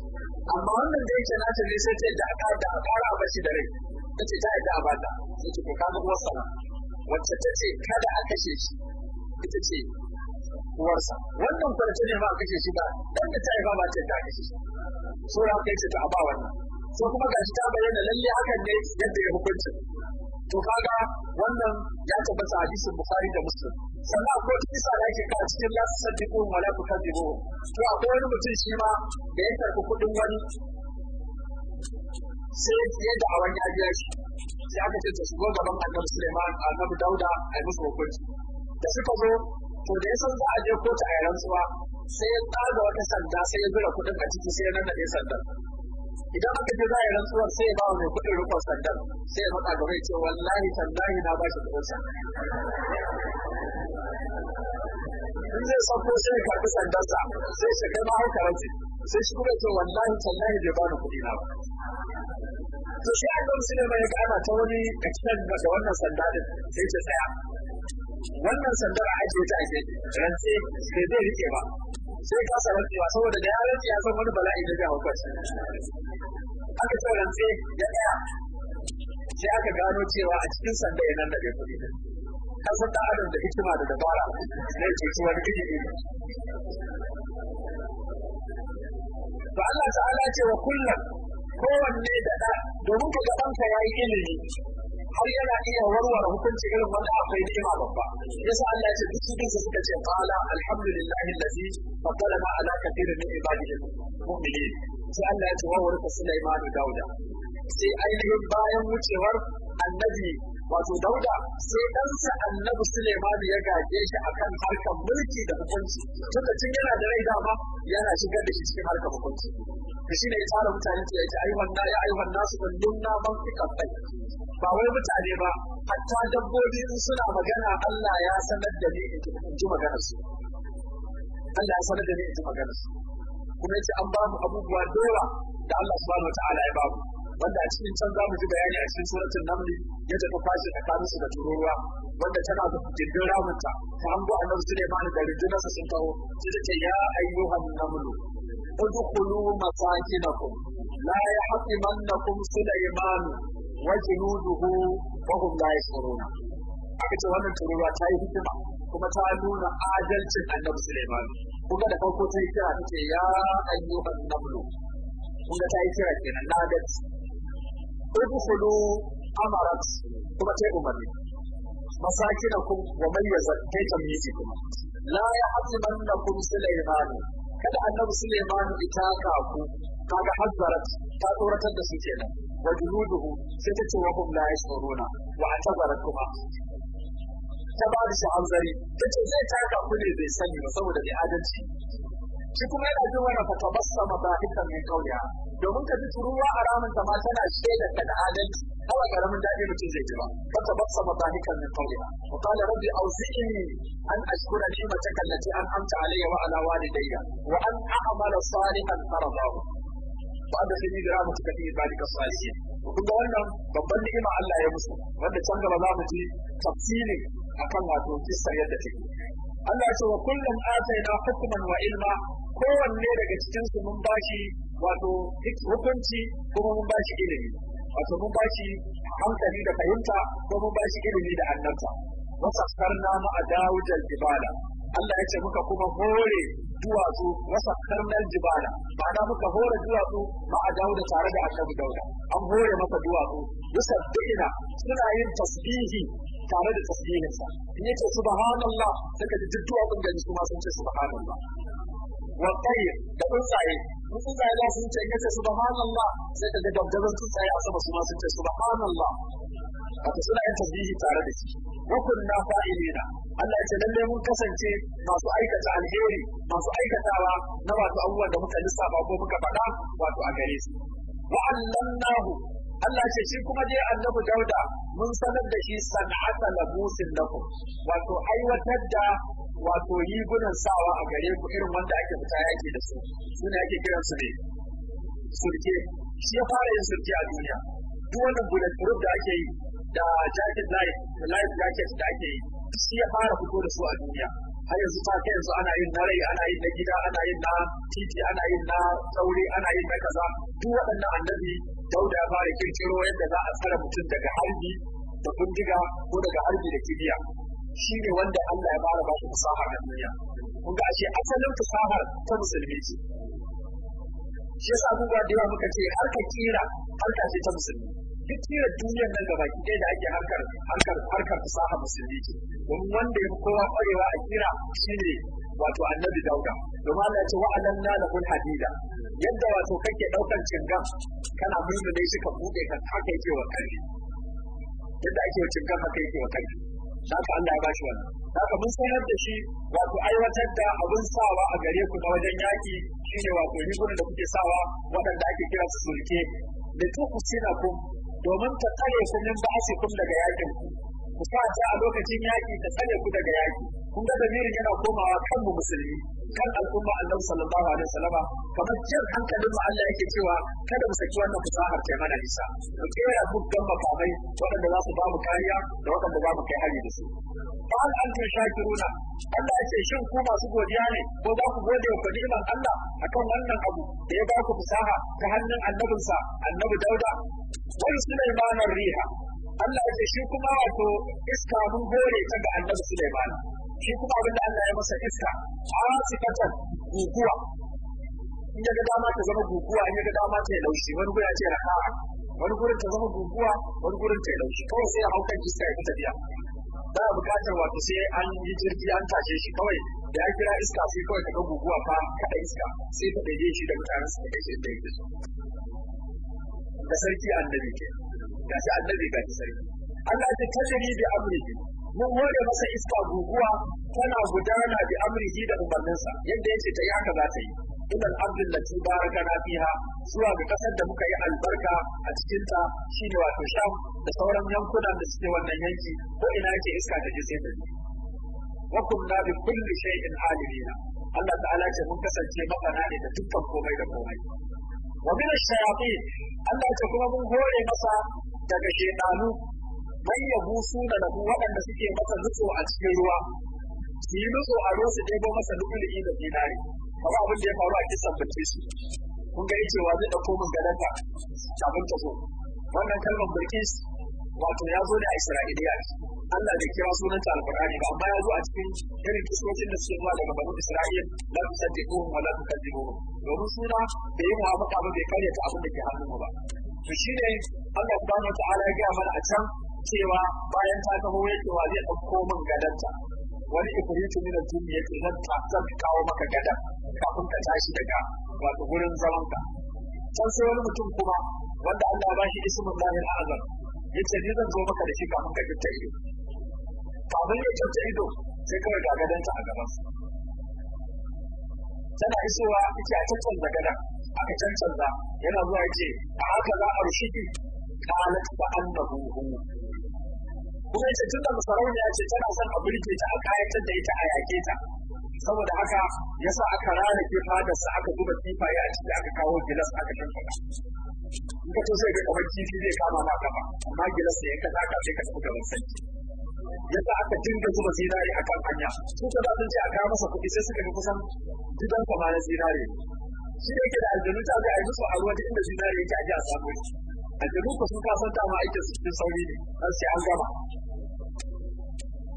amma wannan da yake nata ne sai ta da aka da fara ba shi da rai tace ta da ba ta tace ko ka kuma sana wacce tace kada a kashe shi ita ce uwarsa wannan farce ne ba a kashe shi ba dan da ta yi ba ta da kashe shi so ra kai ce ta ba wannan so kuma gashi ta bayyana lalle hakan ne yadda ya hukunta to kaga wannan ya tabbata hadisin bukhari da muslim sannan akwai wata isa da ake kawo cikin lasu sadiqu wa la tukadibu to akwai wani mutum shi ma da ya karbi kuɗin wani sai ya da awan ya biya shi sai aka ce ta shigo gaban annabi Suleiman annabi Dauda a musu hukunci da suka zo to da ya san za a je kotu a yaran sai ya tsaga wata sanda sai ya zura kuɗin a ciki sai ya nannaɗe sandan idan aka ce za a yi rantsuwar sai ba mai kuɗin rukun sandan sai ya faɗa gaba ya ce wallahi tallahi na ba shi kuɗin kusa. in zai sako sai ya karɓi sandansa sai shi kai ma hauka karanci sai shi kuma ce wallahi tallahi bai ba ni kuɗi na ba to shi a kan sine mai kama ta wani kacinan daga wannan sanda sai ce tsaya wannan sandar a ajiye ta a gefe rantsi sai zai rike ba sai ka sa rantsewa saboda da ya rantse ya san wani bala'i da zai hauka shi aka ce rantse da ɗaya sai aka gano cewa a cikin sanda ya nan da daɗe kuɗi ka san ɗan adam da hikima da dabara zai ceci wani iri ne. to Allah ta'ala ce wa kullum kowanne da ɗa domin ka ɗanka ya yi ilimi har yana iya warware hukunci irin wanda akwai ni'ima babba yasa Allah ya ce duk cikin su suka ce qala alhamdulillahi allazi فطلب على كثير من عباده المؤمنين sai Allah ya ce wa wurin Sulaiman da Dauda sai ainihin bayan wucewar annabi wato Dauda sai ɗansa annabi Sulaiman ya gaje shi akan harkar mulki da hukunci tunda tun yana da rai dama yana shigar da shi cikin harkar hukunci shi ne ya tsara mutane ya ce ai wanda ya wanda su kullum na ban fi kafai ba wai mutane ba hatta dabbobi suna magana Allah ya sanar da ni in ji maganar su Allah ya sanar da ni ita magana kuma yace an ba mu abubuwa dora da Allah subhanahu wataala ya ba mu wanda a cikin can za mu ji bayani a cikin suratul naml yadda ta fashi kawo su da tururuwa wanda tana da jirgin ramunta ta hango annabi Sulaiman da rijinarsa sun kawo, sai ta ce ya ayyuhan namlu ادخلوا مساكنكم لا يحطمنكم سليمان وجنوده وهم لا يشعرون aka ce wannan tururuwa ta yi hikima kuma ta nuna adalcin annabi Sulaiman kun ga da farko ta yi kira ta ce ya ayyuhan nablu kun ga ta yi kira kenan na adalci udkhulu amarat kuma ta yi umarni masakinakum wa man yazakkaytum kuma? la yahtimannakum Sulaiman kada annabi Sulaiman ya taka ku kaga hazzarat ta tsoratar da su kenan wa junuduhu sai ta ce wa hum la yashuruna wa tabarar kuma ta ba shi hanzari ta ce zai taka ku ne bai sani ba saboda bai adalci shi kuma yana jin wannan fata basa mabahika mai kauya domin ka ji turuwa a ramin ta ma tana shaidar ka da adalci kawai karamin daɗi mutum zai ji ba fata basa mabahika mai kauya wa qala rabbi awzi'ni an ashkura ni'mataka allati an'amta alayya wa ala walidayya wa an a'mala salihan tardahu fa adkhilni bi rahmatika fi ibadika salihin kun ga wannan babban ni'ima Allah ya musu wanda can gaba za mu ji tafsirin akan wato kissar yadda take Allah ya ce wa kullum ataina hukman wa ilma kowanne daga cikin su mun bashi wato hukunci kuma mun bashi ilimi wato mun bashi hankali da fahimta kuma mun bashi ilimi da annabta wasakkarna ma a dawujal ibada Allah ya ce muka kuma hore duwatsu wasa karnar jibala ba da muka hore duwatsu ba a dawo da tare da annabi dauda an hore masa duwatsu bisa da'ina suna yin tasbihi tare da tasbihinsa in yace subhanallah saka ji duwatsun gani su ma sun ce subhanallah wa da tsuntsaye in tsuntsaye za su ce subhanallah sai ka ga tsuntsaye a sama su ma sun ce subhanallah wato suna yin tasbihi tare da shi wa kunna fa'ilina Allah ya ce lalle mun kasance masu aikata alheri masu aikatawa na wato abubuwan da muka lissafa ko muka faɗa wato a gare su wa allannahu Allah ce shi kuma dai annabi Dauda mun sanar da shi san'ata labusin lakum wato aiwatar da wato rigunan sawa a gare ku irin wanda ake fita yaki da su suna ake kiran su ne surke shi ya fara yin surke a duniya duk wannan bulletproof da ake yi da jacket life life jacket da ake yi shi ya fara fito da su a duniya har yanzu ta kai yanzu ana yin na rai ana yin na gida ana yin na titi ana yin na sauri ana yin na kaza duk waɗannan annabi dauda ya fara kirkiro yadda za a tsare mutum daga harbi da bindiga ko daga harbi da kibiya shi ne wanda Allah ya fara ba shi fasahar a duniya kun ga ashe asalin fasahar ta musulmi ce shi yasa abubuwa da yawa muka ce har ka kira har ka ce ta musulmi duk tsira duniyar nan gaba ki da ake harkar harkar harkar fasaha musulmi ce don wanda ya fi kowa kwarewa a kira shine wato annabi dauda don Allah ya ce wa alanna lahul hadida yadda wato kake daukar cingan kana mulmule shi ka bude ka haka yake wa kai yadda ake wa cingan haka yake wa kai haka Allah ya bashi wannan haka mun sanar da shi wato aiwatar da abin sawa a gare ku na wajen yaki shine wato rigunan da kuke sawa waɗanda ake kira su sulke da tuku sinakum domin ta tsare ku min kun daga yakin ku sa ta a lokacin yaki ta tsare ku daga yaki kun ga damirin yana komawa kan mu musulmi kan al'umma annabi sallallahu alaihi wasallama kamar jin hankalin mu Allah yake cewa kada mu saki wannan fasahar ta mana nisa mu kera dukkan makamai waɗanda za su ba mu kariya da waɗanda ba mu kai hari da su fa hal antum shakiruna Allah yake shin ku masu godiya ne ko za ku gode wa ni'imar Allah akan wannan abu da ya ba ku fasaha ta hannun annabinsa annabi Dauda wani Sulaiman riha Allah yake shi kuma wato iska mun hore ta ga annabi Sulaiman shi kuma abin da Allah ya masa iska a asikatan guguwa in ya ga dama ta zama guguwa in ya ga dama ta yi laushi wani guya ce raka'a wani gurin ta zama guguwa wani gurin ta yi laushi kawai sai a hau kan iska ya fi tafiya Ba a buƙatar wato sai an yi jirgi an tashe shi kawai da ya kira iska sai kawai ka ga guguwa fa kaɗa iska sai ta ɗaiɗe shi da mutanen su da kai shi da yake da sarki annabi ke ga shi annabi ga shi sarki Allah ya ce tajiri bi amrihi mun hore masa iska guguwa tana gudana bi amrihi da umarninsa yadda yace ta yi haka za ta yi ila al-ardil lati barakana fiha zuwa ga kasar da muka yi albarka a cikin ta shine wato sham da sauran yankunan da suke wannan yanki ko ina yake iska ta je sai ta wa kunna bi kulli shay'in alimina Allah ta'ala ce mun kasance mafana ne da dukkan komai da komai wa min ash-shayatin Allah ce kuma mun hore masa daga shaytanu man busu da lahu waɗanda suke masa nutso a cikin ruwa su yi nutso a ruwa su ɗebo masa lu'ulu'i da zinari kamar abin da ya faru a kisan bace su kun ga cewa zai ɗauko min gadanta kafin ta zo wannan kalmar bilkis wato ya zo da isra'iliya Allah bai kira sunanta alqur'ani ba amma ya zo a cikin irin kisocin da suke zuwa daga banu isra'il la tusaddiquhum wa la tukadzibuhum domin suna bai yi mu'amala ba bai karyata abin da ke hannun ba to shine Allah subhanahu wa ta'ala ya gaya mana a can cewa bayan ta gama wa zai ɗauko min gadanta wani ifritu min al ya ce, zan ta kawo maka gada kafin ka tashi daga wato gurin zamanka can sai wani mutum kuma wanda Allah ba shi ismin lahil azam ce ni zan zo maka da shi kafin ka kitta ido kafin ya kitta ido sai kawai ga gadanta a gaban su tana isowa yace a cancanza gada aka cancanza yana zuwa ce, a haka za a ba an da annahu kuma yace tunda ya ce tana son a burke ta a kayatar da ita a yake ta saboda haka ya sa aka rana kifa da sa aka zuba kifa ya ciki aka kawo gilas aka tattara in ka sai ga kamar kifi zai kama ma kafa amma gilas ne ka zaka sai ka tafi gaban sarki sa aka dinga zuba zinare a kan hanya su ka sun ce a kawo masa kuɗi sai suka fi kusan gidan kama na zinare shi ne yake da aljanu ta zai a yi musu a ruwa inda zinare yake a ji a samu aljanu ko sun kasanta ma aikin su cikin sauri ne an sai an gama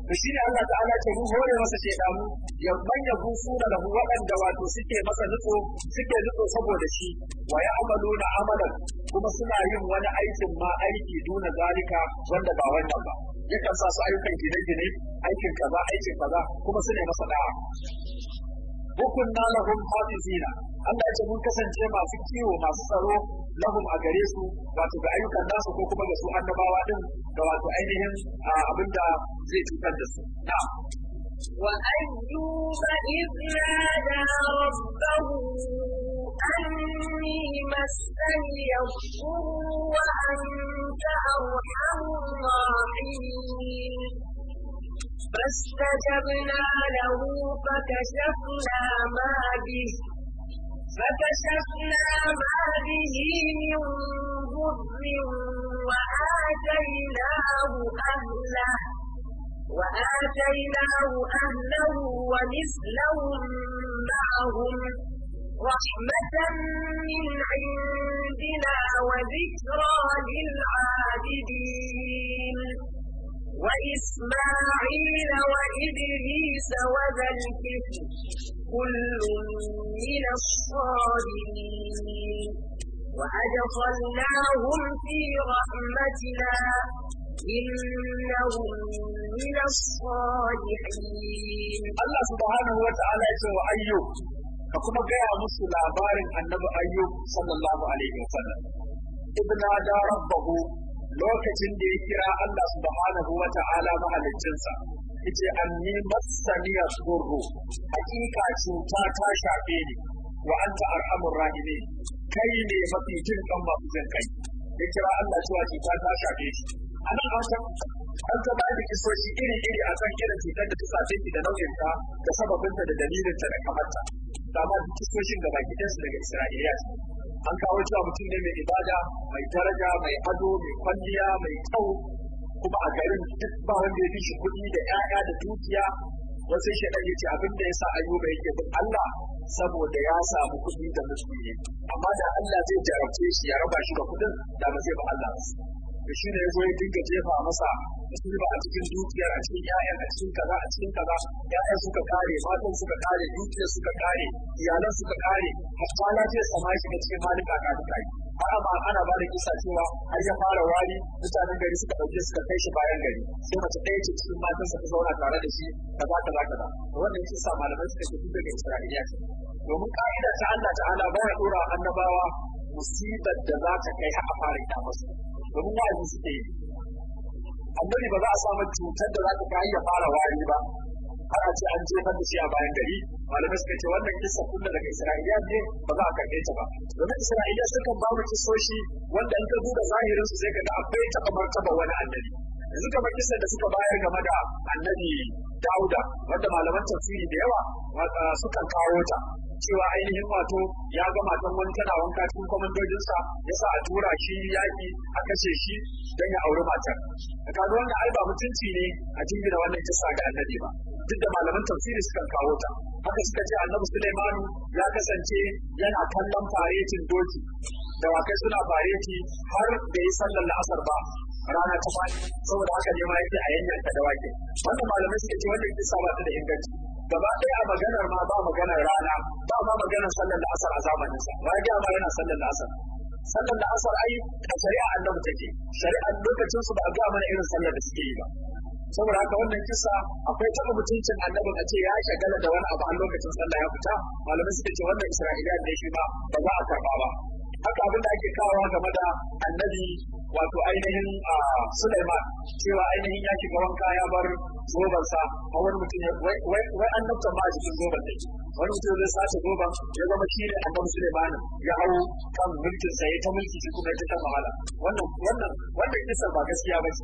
to shine Allah ta'ala ce mun hore masa shedanu ya manya busu da lahu waɗanda wato suke masa nutso suke nutso saboda shi wa ya amaluna amalan kuma suna yin wani aikin ma aiki duna zalika wanda ba wannan ba yakan sa su ayyukan gine-gine aikin kaza aikin kaza kuma su ne masa da'a hukunna lahum hafizina Allah ya ce mun kasance masu kiwo masu tsaro lahum a gare su wato ga ayyukan nasu ko kuma ga su annabawa din da wato ainihin abin da zai cutar da su na'am وأيوب إذ نادى ربه أني مسني الضر وأنت أرحم الراحمين فاستجبنا له فكشفنا ما به فكشفنا ما به من ضر وآتيناه أهله وآتيناه أهله ومثلهم معهم رحمة من عندنا وذكرى للعابدين وإسماعيل وإدريس وذا الكفر كل من الصالحين وأدخلناهم في رحمتنا إنهم من الصالحين الله سبحانه وتعالى يقول أيوب فكما أيوب صلى الله عليه وسلم إذ نادى ربه lokacin da ya kira Allah subhanahu wa mahaliccinsa an anni masaniya dhurru hakika cuta ta shafe ni wa anta arhamur rahimin kai ne mafi jin kan masu jin kai ya kira Allah cewa cuta ta shafe shi a nan an san an san bayan kisoshi iri iri a kan irin cutar da ta sace da nau'in ta da sababinta da dalilin ta da kamarta da ma kisoshin gaba gidansu daga Isra'iliya an kawo cewa mutum ne mai ibada mai daraja mai ado mai kwalliya mai kyau kuma a garin duk ba wanda ya fi shi kuɗi da 'ya'ya da dukiya wasu shaɗan ya ce abin da ya sa ayyuba yake bin Allah saboda ya samu kuɗi da mutum ne amma da Allah zai jarabce shi ya raba shi da kuɗin da ba zai ba Allah da shi ne ya zo ya dinga jefa masa musulma a cikin dukiyar a cikin ƴaƴan a cikin kaza a cikin kaza ƴaƴan suka kare matan suka kare dukiyar suka kare iyalan suka kare hatta lafiyar sama shiga cikin halin kaka da kai har ba ana ba da kisa cewa har ya fara wari mutanen gari suka ɗauke suka kai shi bayan gari sai mace ɗaya ce cikin matansa ta zauna tare da shi ta kaza kaza kaza wannan kisa malamai suka ce duk daga Isra'iliya ce domin ka'ida ta Allah ta'ala baya dora annabawa musibar da za ta kai har fara ita masu domin wa'azi suke yi annabi ba za a samu cutar da za ta kai ya fara wari ba har a ce an jefar da shi a bayan gari malamai suka ce wannan kisa kullum daga isra'iliya ne ba za a karɓe ta ba domin isra'iliya sukan ba mu kisoshi wanda in ka duba zahirin su sai ka ga akwai taɓa wani annabi yanzu kamar kisa da suka bayar game da annabi dauda wanda malaman tafsiri da yawa sukan kawo ta cewa ainihin wato ya ga matan wani tana wanka cikin kwamandojinsa ya sa a tura shi yaƙi a kashe shi don ya auri matar. A kaga wannan ai ba mutunci ne a jingina wannan kisa ga annabi ba. Duk da malaman tafsiri sukan kawo ta. haka suka ce annabi Sulaimanu ya kasance yana kallon faretin doki dawakai suna fareti har da yi sallar la'asar ba rana ta faɗi saboda haka ne ma yake a da wake. Wannan malamai suka ce wannan kisa ba ta da inganci gaba ɗaya a maganar ma ba maganar rana ba ma maganar sallar la'asar a zamaninsa ba ya ma yana sallar la'asar sallar la'asar ai a shari'a annabi take shari'a lokacin su ba a ga mana irin sallar da suke yi ba saboda haka wannan kisa akwai taɓa mutuncin annabin a ce ya shagala da wani abu a lokacin sallah ya fita malamai suka ce wannan isra'ila ne shi ba ba za a karɓa ba haka abin da ake kawo game da annabi wato ainihin suleiman cewa ainihin ya shiga wanka ya bar zobansa a wani mutum wai annabta ba a cikin zoban ke wani mutum zai sace zoban ya zama shi ne annabi suleiman ya hau kan mulkin ya ta mulki shi kuma ya ta kan wannan wannan wannan kisa ba gaskiya ba ce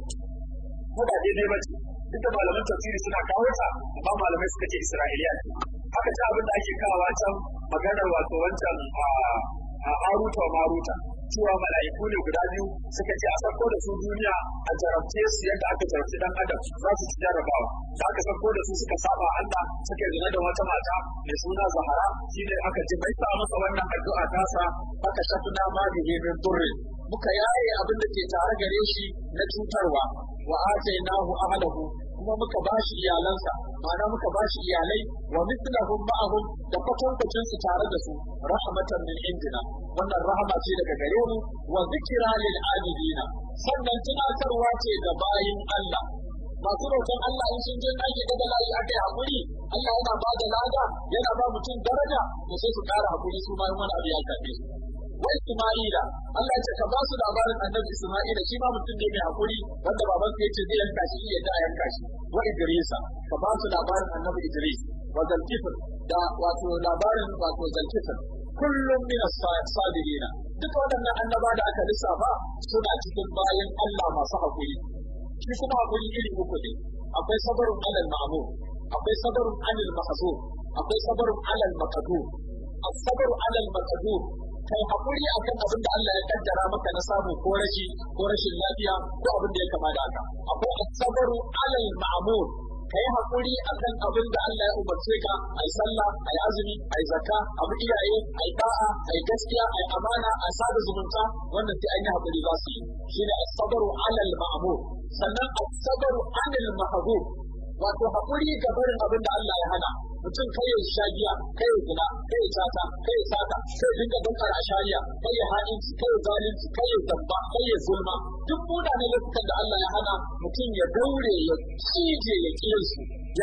ko da daidai ba ce duk malaman tafsiri suna kawo ta amma malamai suka ce isra'iliya ce haka ta abin da ake kawa can maganar wato wancan a maruta wa maruta cewa mala'iku ne guda biyu suka ce a sako da su duniya a jarabce su yadda aka jarabce dan adam za su ci jarabawa da aka sako da su suka saba Allah suka zina da wata mata mai suna Zahara ne aka ji bai sa masa wannan addu'a tasa aka shafna ma bihi min muka yaye abin da ke tare gare shi na cutarwa wa atainahu ahlahu kuma muka bashi iyalansa ma'ana muka bashi iyalai wa mithlahum ma'ahum da kwatankwacin su tare da su rahmatan min indina wannan rahama ce daga gare mu wa zikra lil abidina sannan tunatarwa ce ga bayin Allah masu roƙon Allah in sun je ɗaki da da layi aka yi haƙuri Allah yana ba da lada yana ba mutum daraja da sai su ƙara hakuri su ma wani abu ya shafe su wa Isma'ila Allah ce ka ba su labarin annabi Isma'ila shi ba mutum ne mai hakuri wanda baban sa yace zai yanka shi ya da yanka shi wa Idrisa ka ba su labarin annabi Idris wa Zulkifl da wato labarin wato Zulkifl kullum min as-sabirin duk waɗannan annaba da aka lissafa suna cikin bayan Allah masu hakuri shi kuma hakuri iri uku ne akwai sabarun alal ma'mur akwai sabarun alal mahzur akwai sabarun alal maqdur as-sabru alal maqdur kai hakuri akan abin da Allah ya kaddara maka na samu ko rashi ko rashin lafiya ko abin da ya kamata. haka akwai asabaru alal ma'mur kai hakuri akan abin da Allah ya umarce ka ai sallah ai azumi ai zakka abu iyaye ai da'a ai gaskiya ai amana a sada zumunta wannan sai an hakuri za su yi shine asabaru alal ma'mur sannan asabaru anil mahbub wato hakuri ga barin abin da Allah ya hana mutum kai ya sha giya kai ya gina kai ya tata kai ya sata kai ya dinga a shariya, kai ya ha'inci kai ya zalunci kai ya zamba kai ya zulma duk munanan lokutan da Allah ya hana mutum ya daure ya cije ya su,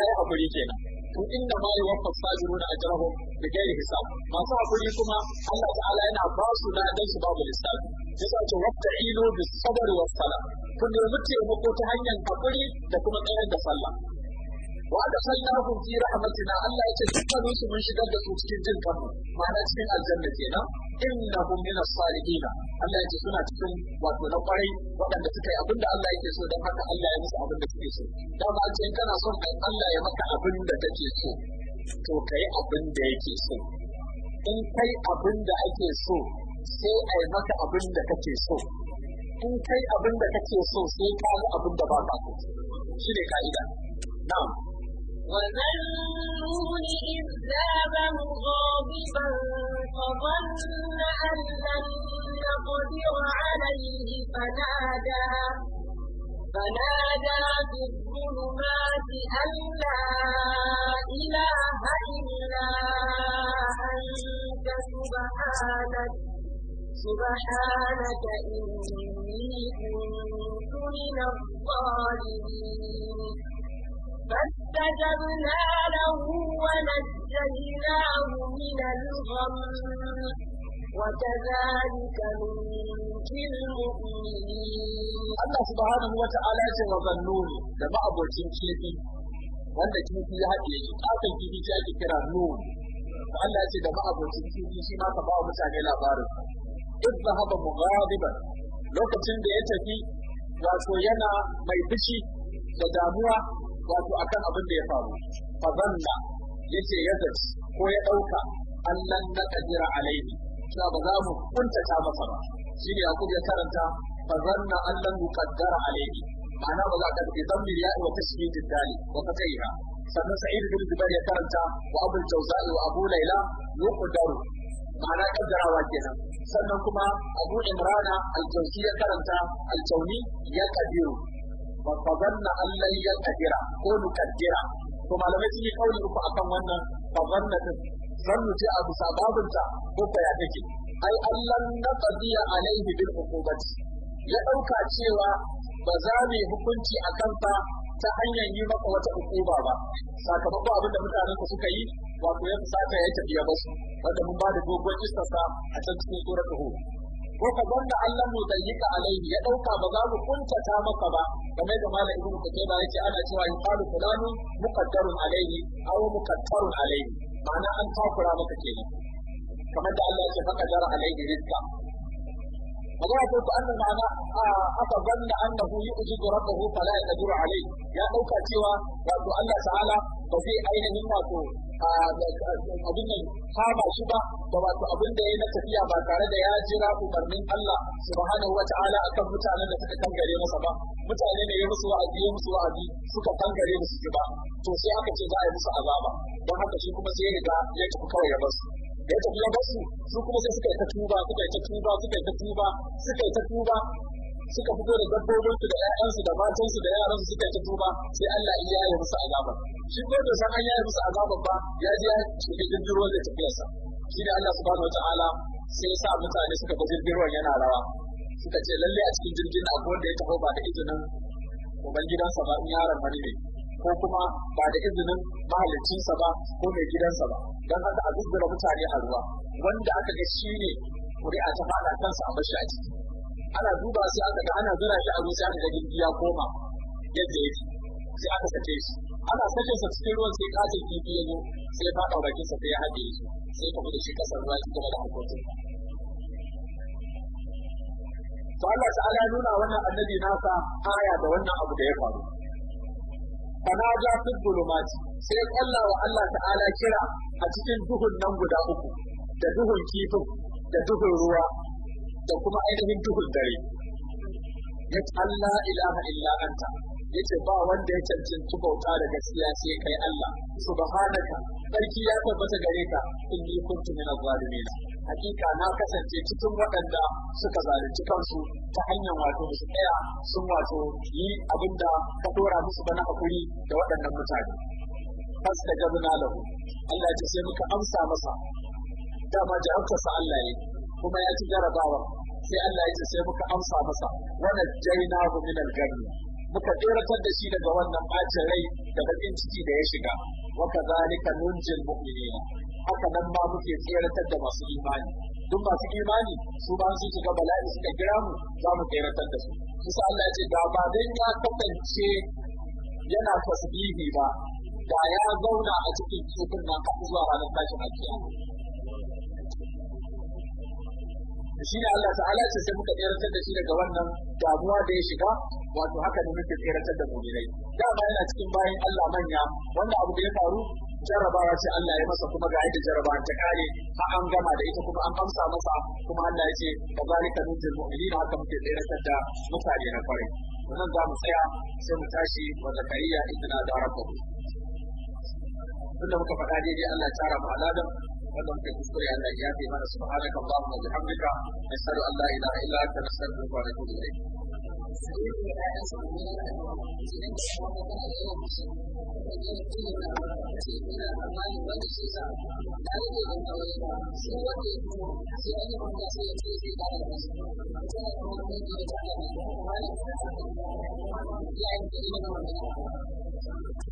ya yi hakuri kenan to inda ma yi wafa sajiruna a jarahun da gairi hisab masu hakuri kuma Allah ta'ala yana ba su da dan su babu lissafi yasa ce wata ilo bis sabr was sala kun nemi taimako ta hanyar hakuri da kuma tsayar da sallah wa da na fi rahmatina Allah ya yace dukkanin su mun shigar da su cikin jin kan ma'ana cikin aljanna kenan innahum min as-salihin Allah ya ce suna cikin wato na kwarai waɗanda suka yi abinda Allah yake so dan haka Allah ya musu abinda suke so da ba ce kana son Allah ya maka abinda kake so to kai abinda yake so in kai abinda ake so sai a yi maka abinda kake so in kai abinda kake so sai ka yi abinda ba ka so shi ne ka'ida na'am إذ ذاب مغاضبا فظن أن لن نقدر عليه فنادى فنادى في الظلمات أن لا إله إلا أنت سبحانك سبحانك إني كنت من الظالمين فاستجبنا له ونجيناه من الغم وكذلك ننجي المؤمنين الله سبحانه وتعالى وظنون لما أبو تنكيبي wanda kifi ya haɗe shi ƙaton kifi shi ake kira nun to Allah ya ce da ma'abocin kifi shi ma ka ba wa mutane labarin duk da haka mughadiban lokacin da ya tafi wato yana mai fushi da damuwa wato akan abin da ya faru fa zanna yace ya zaci ko ya dauka allan na kadira alaihi cewa ba za mu kuntata masa ba shine yakub ya karanta fa zanna allan muqaddara alaihi ma'ana ba za ka bi dambir ya wa tashkid dali wa qataiha sannan sa'id bin zubair ya karanta wa abu jawza'i wa abu laila yuqdaru ma'ana kaddarawa kenan sannan kuma abu imrana al-jawzi ya karanta al-jawni ya kadiru wa fadanna allan yaqdira ko ni nuqaddira to malamai sun yi kauli uku akan wannan Ba fadanna din zannu ce a bisa babunta ko ya take ai allan naqdiya alaihi bil hukumati ya dauka cewa ba za mu yi hukunci a kansa ta hanyar yi maka wata hukuma ba sakamakon abin da mutanen ku suka yi wato ya saka ya tafiya basu wanda mun ba da dogon istasa a can cikin tsoron ko ka zanna Allah mu zayyika alaihi ya dauka ba za mu kuntata maka ba kamar da malam ibnu kutayba yace ana cewa yuqalu fulanu muqaddarun alaihi aw muqaddarun alaihi ma'ana an takura maka kenan kamar da Allah ya ce faka jara alaihi rizqa Allah ya ce annan ma'ana aka zanna annahu yu'jizu rabbahu fala yaqdiru alaihi ya dauka cewa wato Allah ta'ala ba zai ainihin wato abin nan kama shi ba da wato abin da ya na tafiya ba tare da ya jira umarnin Allah subhanahu wa ta'ala akan mutanen da suka kangare masa ba mutane ne ya musu wa'azi ya musu wa'azi suka kangare musu ba to sai aka ce za a yi musu azaba don haka shi kuma sai ya riga ya tafi kawai ya basu da ya tafi ya basu su kuma sai suka yi ta tuba suka yi ta tuba suka yi ta tuba suka yi ta tuba suka fito da su da su da matansu da yaran su suka ci ba, sai Allah ya yi musu azaba shi ko da san an yi musu azaba ba ya ji ya tafi jirgin ruwan da tafiyarsa shi ne Allah subhanahu wataala sai ya sa mutane suka ga jirgin ruwan yana rawa suka ce lalle a cikin jirgin abu wanda ya tafi ba da izinin ubangidansa ba in yaron wani ne ko kuma ba da izinin mahalicinsa ba ko mai gidansa ba don haka a da mutane a ruwa wanda aka ga shi ne ƙuri'a ta faɗa kansa a bashi a ciki ana duba sai aka ga ana zura shi a ruwa sai aka ga jirgi ya koma yadda yake sai aka sace shi ana sace sa cikin ruwan sai kace kifi ya sai ya fada bakin sa sai ya haɗe shi sai ka da shi kasar ruwa cikin da hankokin to Allah ta'ala nuna wannan annabi nasa aya da wannan abu da ya faru Kana fanaja fi zulumati sai ya kalla wa Allah ta'ala kira a cikin duhun nan guda uku da duhun kifin da duhun ruwa da kuma ainihin duhun dare ya ce Allah ilaha illa anta yace ba wanda ya cancanci bauta da gaskiya sai kai Allah subhanaka sarki ya tabbata gare ka inni kuntu min zalimin hakika na kasance cikin waɗanda suka zalunci kansu ta hanyar wato su tsaya sun wato yi abinda ka dora musu bana hakuri da waɗannan mutane fastajabna lahu Allah ya ce sai muka amsa masa dama jarabta sa Allah ne kuma ya ci jarabawa sai Allah ya ce sai muka amsa masa wannan jaina min al muka tseratar da shi daga wannan bacin rai da bakin ciki da ya shiga wa kadhalika nunjil mu'minina haka nan ma muke tseratar da masu imani duk masu imani su ba su shiga bala'i suka kira mu za mu tseratar da su kusa Allah ya ce ga ba dan ya kasance yana tasbihi ba da ya zauna a cikin cikin nan har zuwa ranar tashin alkiyama shi ne Allah ta'ala ce sai muka tseratar da shi daga wannan damuwa da ya shiga wato haka ne muke tseratar da mu'minai dama yana cikin bayan Allah manya wanda abu da ya faru jarrabawa ce Allah ya masa kuma ga yadda jarrabawa ta kare an gama da ita kuma an amsa masa kuma Allah ya ce ka zalika nujil mu'minina haka muke tseratar da mutane na kwarai wannan za mu tsaya sai mu tashi wa zakariya inna da rabbahu tunda muka faɗa daidai Allah ya tsara mu aladan wanda muke kuskure Allah ya yafe mana subhanaka allahumma wa bihamdika nashhadu an la ilaha illa anta nastaghfiruka wa natubu ilayk Thank you.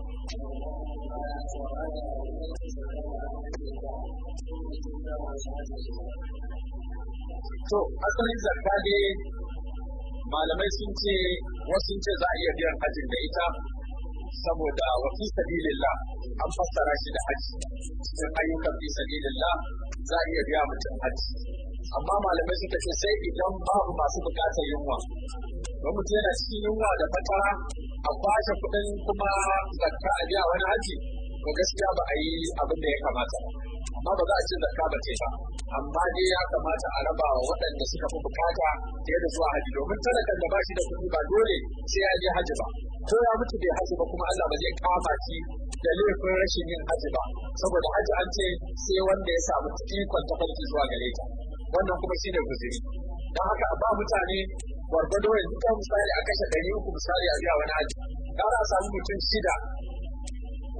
To, asalin zakka dai malamai sun ce wasu ce za a iya biyan hajjin da ita saboda wa fi sabilillah an fassara shi da hajji cikin ayyukan fi sabilillah za a iya biya mutum hajji amma malamai suka ce sai idan babu masu bukatar yunwa ba mutum yana cikin yunwa da fatara a kwashe kuɗin kuma zakka a biya wani haji to gaskiya ba a yi abin da ya kamata amma ba za a ce zakka ba ce ba amma dai ya kamata a raba wa waɗanda suka fi bukata fiye da zuwa haji domin talakan da ba shi da kuɗi ba dole sai ya je haji ba ko ya mutu bai haji ba kuma Allah ba zai kama shi da laifin rashin yin haji ba saboda haji an ce sai wanda ya samu ikon tafarki zuwa gare ta wannan kuma shine guzuri don haka ba mutane gwargwado yanzu kan misali aka kashe ɗari uku misali a biya wani aji gara a samu mutum shida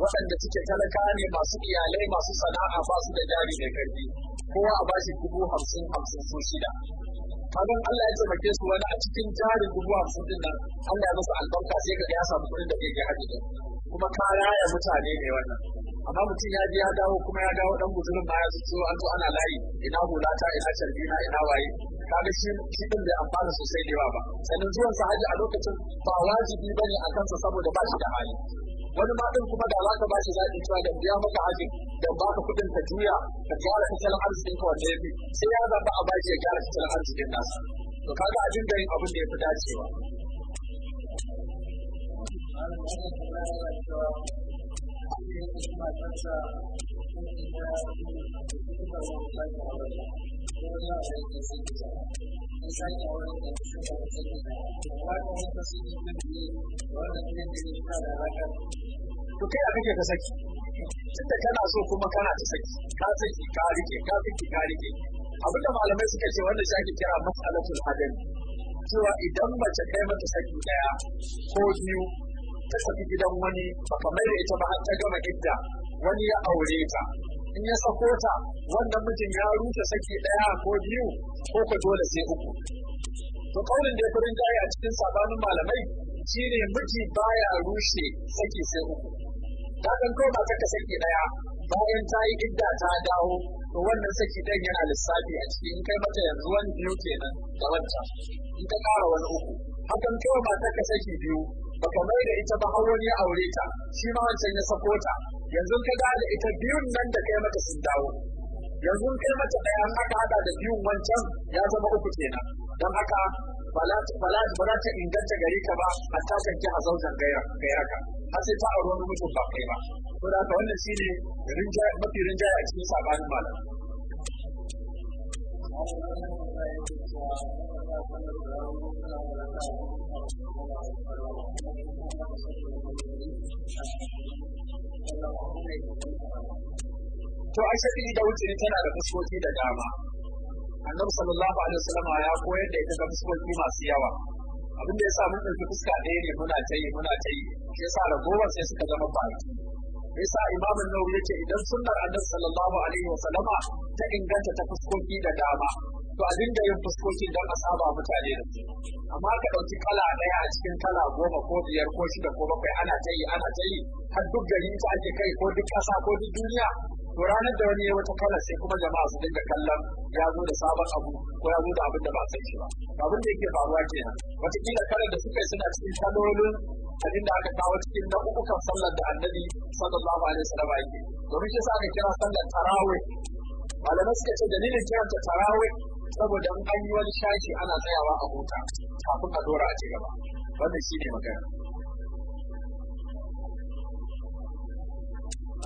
waɗanda suke talaka ne masu iyalai masu sana'a ba su da jari mai karfi kowa a bashi dubu hamsin hamsin su shida kaga Allah ya taimake su wani a cikin jarin dubu hamsin din nan Allah ya musu albarka sai ka ya samu kuɗin da zai ga hajji kuma ka raya mutane ne wannan amma mutum ya je ya dawo kuma ya dawo dan guzurin baya su ciwo an zo ana layi ina hulata ina sharbi ina waye kaga shi shi din bai amfana sosai da yawa ba sannan zuwan sa haji a lokacin ba wajibi bane a kansa saboda ba shi da hali wani ma din kuma da za ka ba shi zaɓi cewa da biya maka haji da ka kuɗin ka juya ka gyara tattalin arzikin ka wanda fi? sai ya zaɓa a baki ya gyara tattalin arzikin nasa to kaga a dinga yin abin da ya fi dacewa Thank you. sake wani da su da su wani da to kai a kake ka saki tunda kana so kuma kana ta saki ka saki ka rike ka fiki ka rike abinda malamai suka ce wanda shi kira mas'alatul adami cewa idan mace kai mata saki daya ko biyu ta saki gidan wani baka mai da ita ba har ta gama idda wani ya aure ta in ya sako ta wannan mijin ya rufe saki ɗaya ko biyu ko ka dole sai uku to kaunin da ya furin jaye a cikin sabanin malamai shine miji baya rushe saki sai uku ta kan ko ba ta saki ɗaya bayan ta yi idda ta dawo to wannan saki ɗan yana lissafi a ciki in kai mata yanzu wani biyu kenan da wancan in ka ƙara wani uku hakan kawai ba ta saki biyu baka mai da ita ba har wani ya aure ta shi ma wancan ya sako ta yanzu ka da da ita biyun nan da kai mata sun dawo yanzu kai mata ɗaya an aka hada da biyun wancan ya zama uku kenan don haka ba za ta inganta gari ka ba a takan ki a zaujan gairaka har sai ta auri wani mutum ba kai ba ko da haka wannan shine mafi rinjaye a cikin sabanin malam Thank you. to a shafi da ne tana da fuskoki da dama annabi sallallahu alaihi wasallam ya koyar da ita ga fuskoki masu yawa abin da yasa mun ɗauki fuska ɗaya ne muna ta yi muna ta yi shi yasa ragowar sai suka zama baki yasa imamin nau yace idan sunnar annabi sallallahu alaihi wasallam ta inganta ta fuskoki da dama to a dinga yin fuskoki don a saba mutane da su amma ka ɗauki kala ɗaya a cikin kala goma ko biyar ko shida ko bakwai ana ta yi ana ta yi har duk gari ta ake kai ko duk ƙasa ko duk duniya to ranar da wani ya wata kala sai kuma jama'a su dinga kallon ya zo da sabon abu ko ya zo da abin da ba san shi ba abin da yake faruwa kenan wataƙila kalar da suka suna cikin kalolin abin da aka kawo cikin kan sallar da annabi sallallahu alaihi wasallam yake domin shi sa aka kira sallar tarawih malamai suka ce dalilin kiran ta tarawih saboda an yi wani shashi ana tsayawa a huta kafin a dora a ci gaba wannan shine magana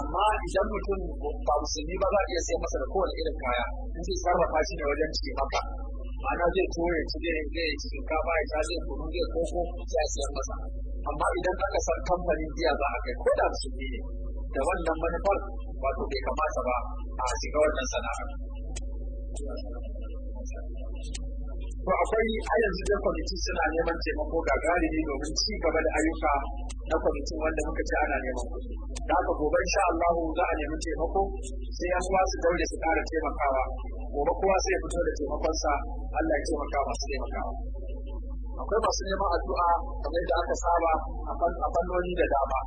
amma idan mutum ba musulmi ba za a iya sai masa da kowane irin kaya in zai sarrafa shi ne wajen ciki maka ma'ana zai toye ci zai zai ci shinkafa ya zai kuma zai koko sai a sayar masa amma idan aka san kamfanin jiya za a kai ko da musulmi ne da wannan manufar wato bai kamata ba a shiga wannan sana'a. to akwai a yanzu da kwamiti suna neman taimako ga galibi domin ci gaba da ayyuka na kwamitin wanda muka ce ana neman kuɗi da aka gobe sha Allah za a nemi taimako sai ya suwa su daure su ƙara taimakawa gobe kowa sai ya fito da taimakonsa Allah ya taimaka masu taimakawa akwai masu neman addu'a kamar da aka saba a fannoni da dama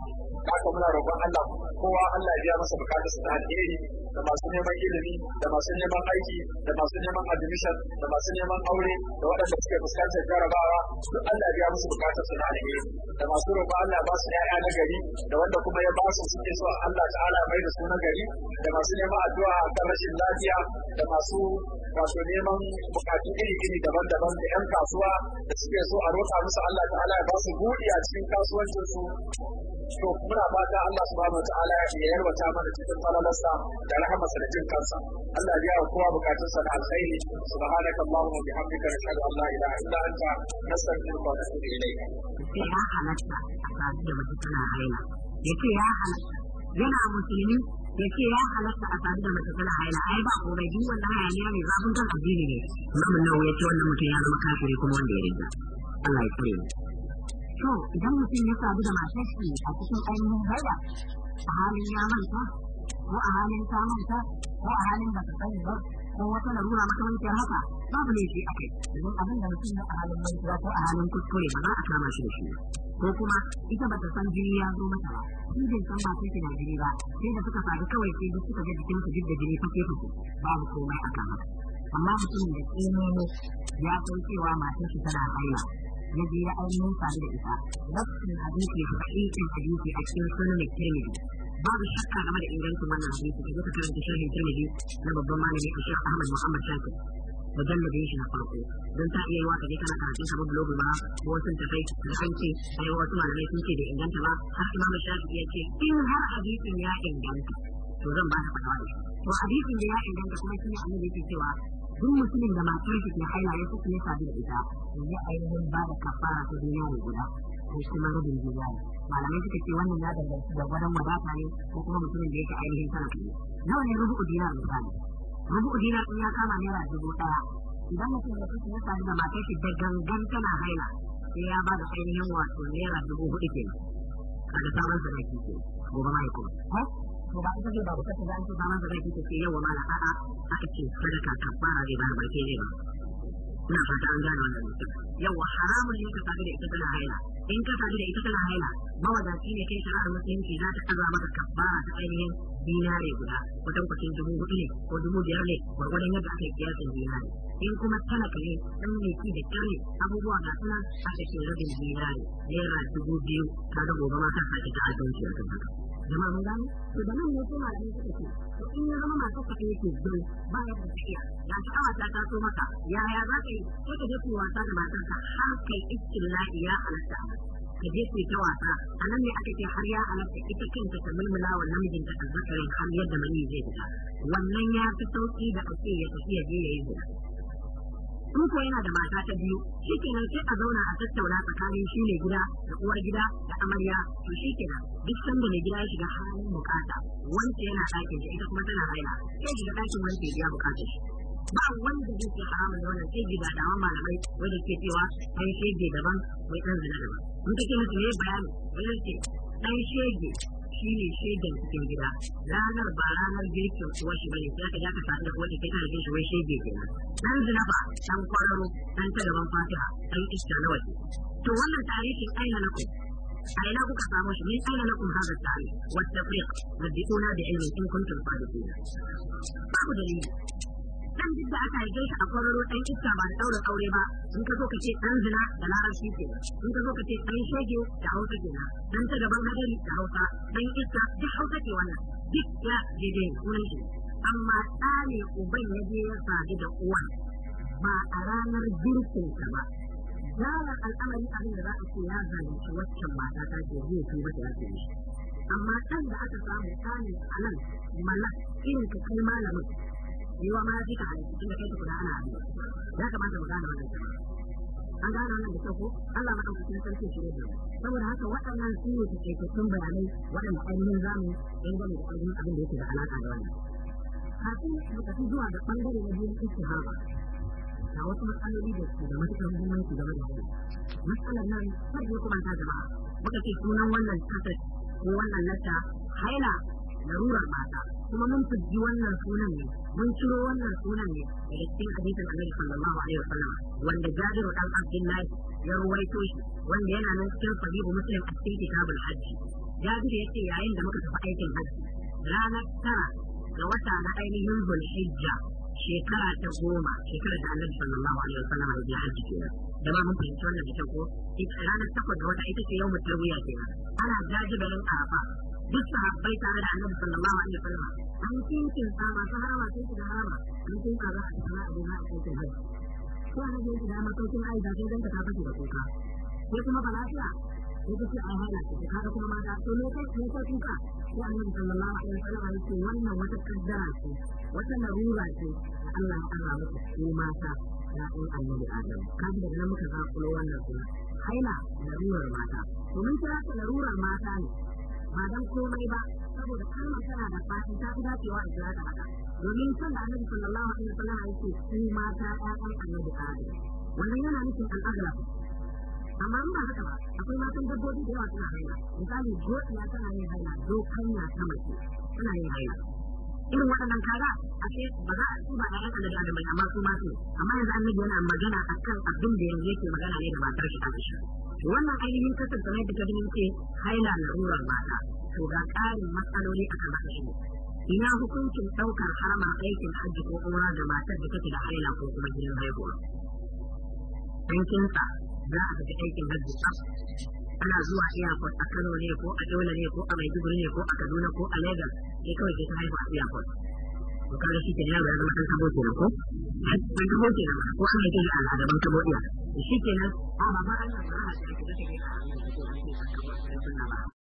haka muna roƙon Allah kowa Allah ya biya masa bukatar sa alheri da masu neman ilimi da masu neman aiki da masu neman admission da masu neman aure da waɗanda suke fuskantar jarabawa duk Allah ya biya musu bukatar sa alheri da masu roƙon Allah ba su ƴaƴa na gari da wanda kuma ya ba su suke so Allah ta'ala mai da su na gari da masu neman addu'a kan rashin lafiya da masu wato neman bukatu iri-iri daban-daban da 'yan kasuwa da suke so a roƙa musu Allah ta'ala ya ba su buɗi a cikin kasuwancinsu so muna fata Allah subhanahu wataala ya ta mana cikin falalarsa da rahamarsa da jin kansa Allah ya yi kowa bukatun sa da alkhairi subhanaka allahumma wa bihamdika ashhadu an la ilaha illa anta nastaghfiruka wa natubu ilayk ya halatta a sadu da mace tana haila yace ya halatta yana musulmi yace ya halatta a sadu da mace tana haila ai ba komai duk wannan hayaniya ne zafin kan addini ne Imam Nawawi ce wannan mutum ya zama kafiri kuma wanda ya rinda Allah ya kare mu to idan mutum ya sadu da matar shi a cikin ainihin haila a halin ya manta ko a halin ta manta ko a halin da ta sani ba ko wata larura makamancin haka babu ne shi akai domin abin da mutum ya a halin mantuwa ko a halin kuskure ba za a kama shi da shi ko kuma ita ba ta san jini ya zo mata ba shi bai san ba shi na jini ba sai da suka sadu kawai sai da suka ga su duk da jini fake fake babu komai a kama amma mutumin da ke tsino ya san cewa matar shi tana haila na biyu ainihin faru da ita nafsin hadisi da aikin hadisi a cikin sunan tirmidhi babu shakka game da ingancin wannan hadisi da duka karanta sharhin tirmidhi na babban malami a shekh ahmad muhammad shakir mujalladin shi na farko don ta iya yi waka je kana karatun kamar blog ba ko wasu tafai da an ce ai wasu malamai sun ce da inganta ba har imam shafi ya ce in har hadisin ya inganta to zan ba ta fatawa da shi to hadisin da ya inganta kuma shi ne annabi yake cewa duk mutumin da masu yi ke haila ya kuka ya sabi da ita ya ainihin ba da kafara ta dinari guda ko shi ma duniya ne malamai suka ce wannan ya danganci da gwaran wadata ne ko kuma mutumin da yake ainihin sana ne nawa ne rubu dinar misali rubu dinar sun ya kama naira dubu daya idan mutum ya kuka ya sabi da matar shi da gangan tana haila sai ya ba da ainihin wato naira dubu hudu kenan kaga sabon sadaki ke gobe ma kuma to ba ita ce ba bukatar da an ce ba ma ba zai kike ce yawa mala a'a aka ce sadaka kafara zai ba ba ke ne ba ina fata an gane wannan mutum yawa haramun ne ka sadu da ita tana haila in ka sadu da ita tana haila mawadaci ne kai shari'ar musulunci za ta kaza maka kafara ta ainihin dinare guda wajen kwacin dubu hudu ne ko dubu biyar ne gwargwadon yadda aka yi kiyasin dinare in kuma talaka ne dan mai ki da kare abubuwa ga suna a cikin rabin dinare naira dubu biyu ta ga gobe ma ka sake ta azanci a kan haka jama'a mun gano to da nan ne kuma da suka ce to in ya zama masu kaɗai yake don ba ya da tafiya ta awa ta taso maka yaya za ka yi ko ka je ku wasa da ka har kai istila'i ya halatta ka je ku ta wasa a nan ne aka ce har ya halatta ita kanta ta mulmula wa namijin ta azzakarin har yadda mani zai fita wannan ya fi sauki da ake ya tafi ya je ya yi zina in yana da mata ta biyu shi shikenan sai a zauna a tattauna tsakanin shi ne gida da uwar gida da amarya to shikenan duk sanda mai gida ya shiga halin bukata wance yana ɗakin da ita kuma tana haila sai shiga ɗakin wance ya buƙata shi ba wanda zai ke haramun da wannan sai gida da malamai wanda ke cewa ɗan shege daban mai ɗan zina daban mun kake musu ne bayani wanda ke ɗan shege shi ne shaidan cikin gida ranar ba ranar girkin kuwa shi bane ya ka ka kuwa da kai kana jin shi wai shege kenan dan zina ba dan kwararo dan ta gaban fatiha dan iska na waje to wannan tarihin aina na ku aina kuka samu shi min aina na lakum hadha tsari wata wa at-tafriq da bi'ilmin in kuntum sadiqin babu dalili dan duk da aka haife shi a kwararo dan iska ba da daurin aure ba in ka zo ka ce dan zina da larabci ke in ka zo ka ce dan shege da hausa ke dan ta gaban hadari da hausa dan iska duk hausa ke wannan duk ya daidai wurin shi amma tsane uban ya je ya sadu da uwan ba a ranar girkinsa ba Yana al'amari abin da za a ce ya zalunci waccan mata ta ke zai kai mata ya ce amma ɗan da aka samu tsanin a nan mana irin ka kai malamin yiwa ma ya ka halittu tun da kai tukuna ana abu ya kamata mu gane wannan an gane wannan da kyau ko Allah madaukakin sarki shi ne saboda haka waɗannan su ne takaitattun bayanai waɗanda ainihin zamu dangane da ainihin abin da yake da alaƙa da wannan kafin mu tafi zuwa ga bangare na biyu istihaba Na wasu matsaloli da su da matuƙar muhimmanci game da wannan matsalar nan sai mu kuma ta jama'a muka ce sunan wannan kasar ko wannan nata haila larurar mata kuma mun fiji wannan sunan ne mun ciro wannan sunan ne daga cikin hadisin annabi sallallahu alaihi wasallam wanda jabiru dan abdullahi ya ruwaito shi wanda yana nan cikin sahihu muslim a cikin kitabul hajji jabiru yace yayin da muka tafi aikin hajji ranar tara ga wata na ainihin zulhijja shekara ta goma shekara da annabi sallallahu alaihi wasallam ya ji hajji kenan da ma mun fahimci wannan bikin ko ranar takwas da wata ita ce yau mu tarwiya kenan ana jajibalin arafa duk sahabbai tare da annabi sallallahu alaihi wasallam an kinkin sa masu harama sai shiga harama an kinka za a shiga abu na a cikin hajji ko an je shiga masaukin aisha sai ganta ta fashe da kuka ko kuma ba lafiya ko ta a ai hada ta kuma mata to ne kai ne kai kuka ko annabi sallallahu alaihi wasallam ya ce wannan wata kaddara ce wata larura ce Allah ya kara muku ko mata ya'yan annabi adam kaji daga nan muka zakulo wannan suna haila larurar mata domin kira ta larurar mata ne ba dan komai ba saboda kalmar tana da fasi ta fi dacewa a kira da haka domin san da annabi sallallahu alaihi wasallam yake su mata ƴaƴan annabi Adam wannan yana nufin al'agraf amma in ba haka ba akwai matan dabbobi da yawa suna haila misali gotiya tana yin haila na ta mace tana yin haila irin waɗannan kaga a ce ba za a ba da yanka da adam amma su ma su amma yanzu annabi yana magana akan abin da yanzu yake magana ne da matar shi shi wannan ainihin kasar kamar da ta ce haila larurar mata to ga ƙarin matsaloli akan haka shi ina hukuncin ɗaukar harama aikin hajji ko umra da matar da take da haila ko kuma gidan haihuwa an kinsa za a tafi aikin hajji tsaf ana zuwa airport a Kano ne ko a Yola ne ko a Maiduguri ne ko a Kaduna ko a Lagos sai kawai ke ta haihu a airport to kaga shi kenan yaro ya zama dan kabo kenan ko dan kabo kenan ko an yi kai al'ada ban kabo iya shi kenan a ba ma an yi ba ha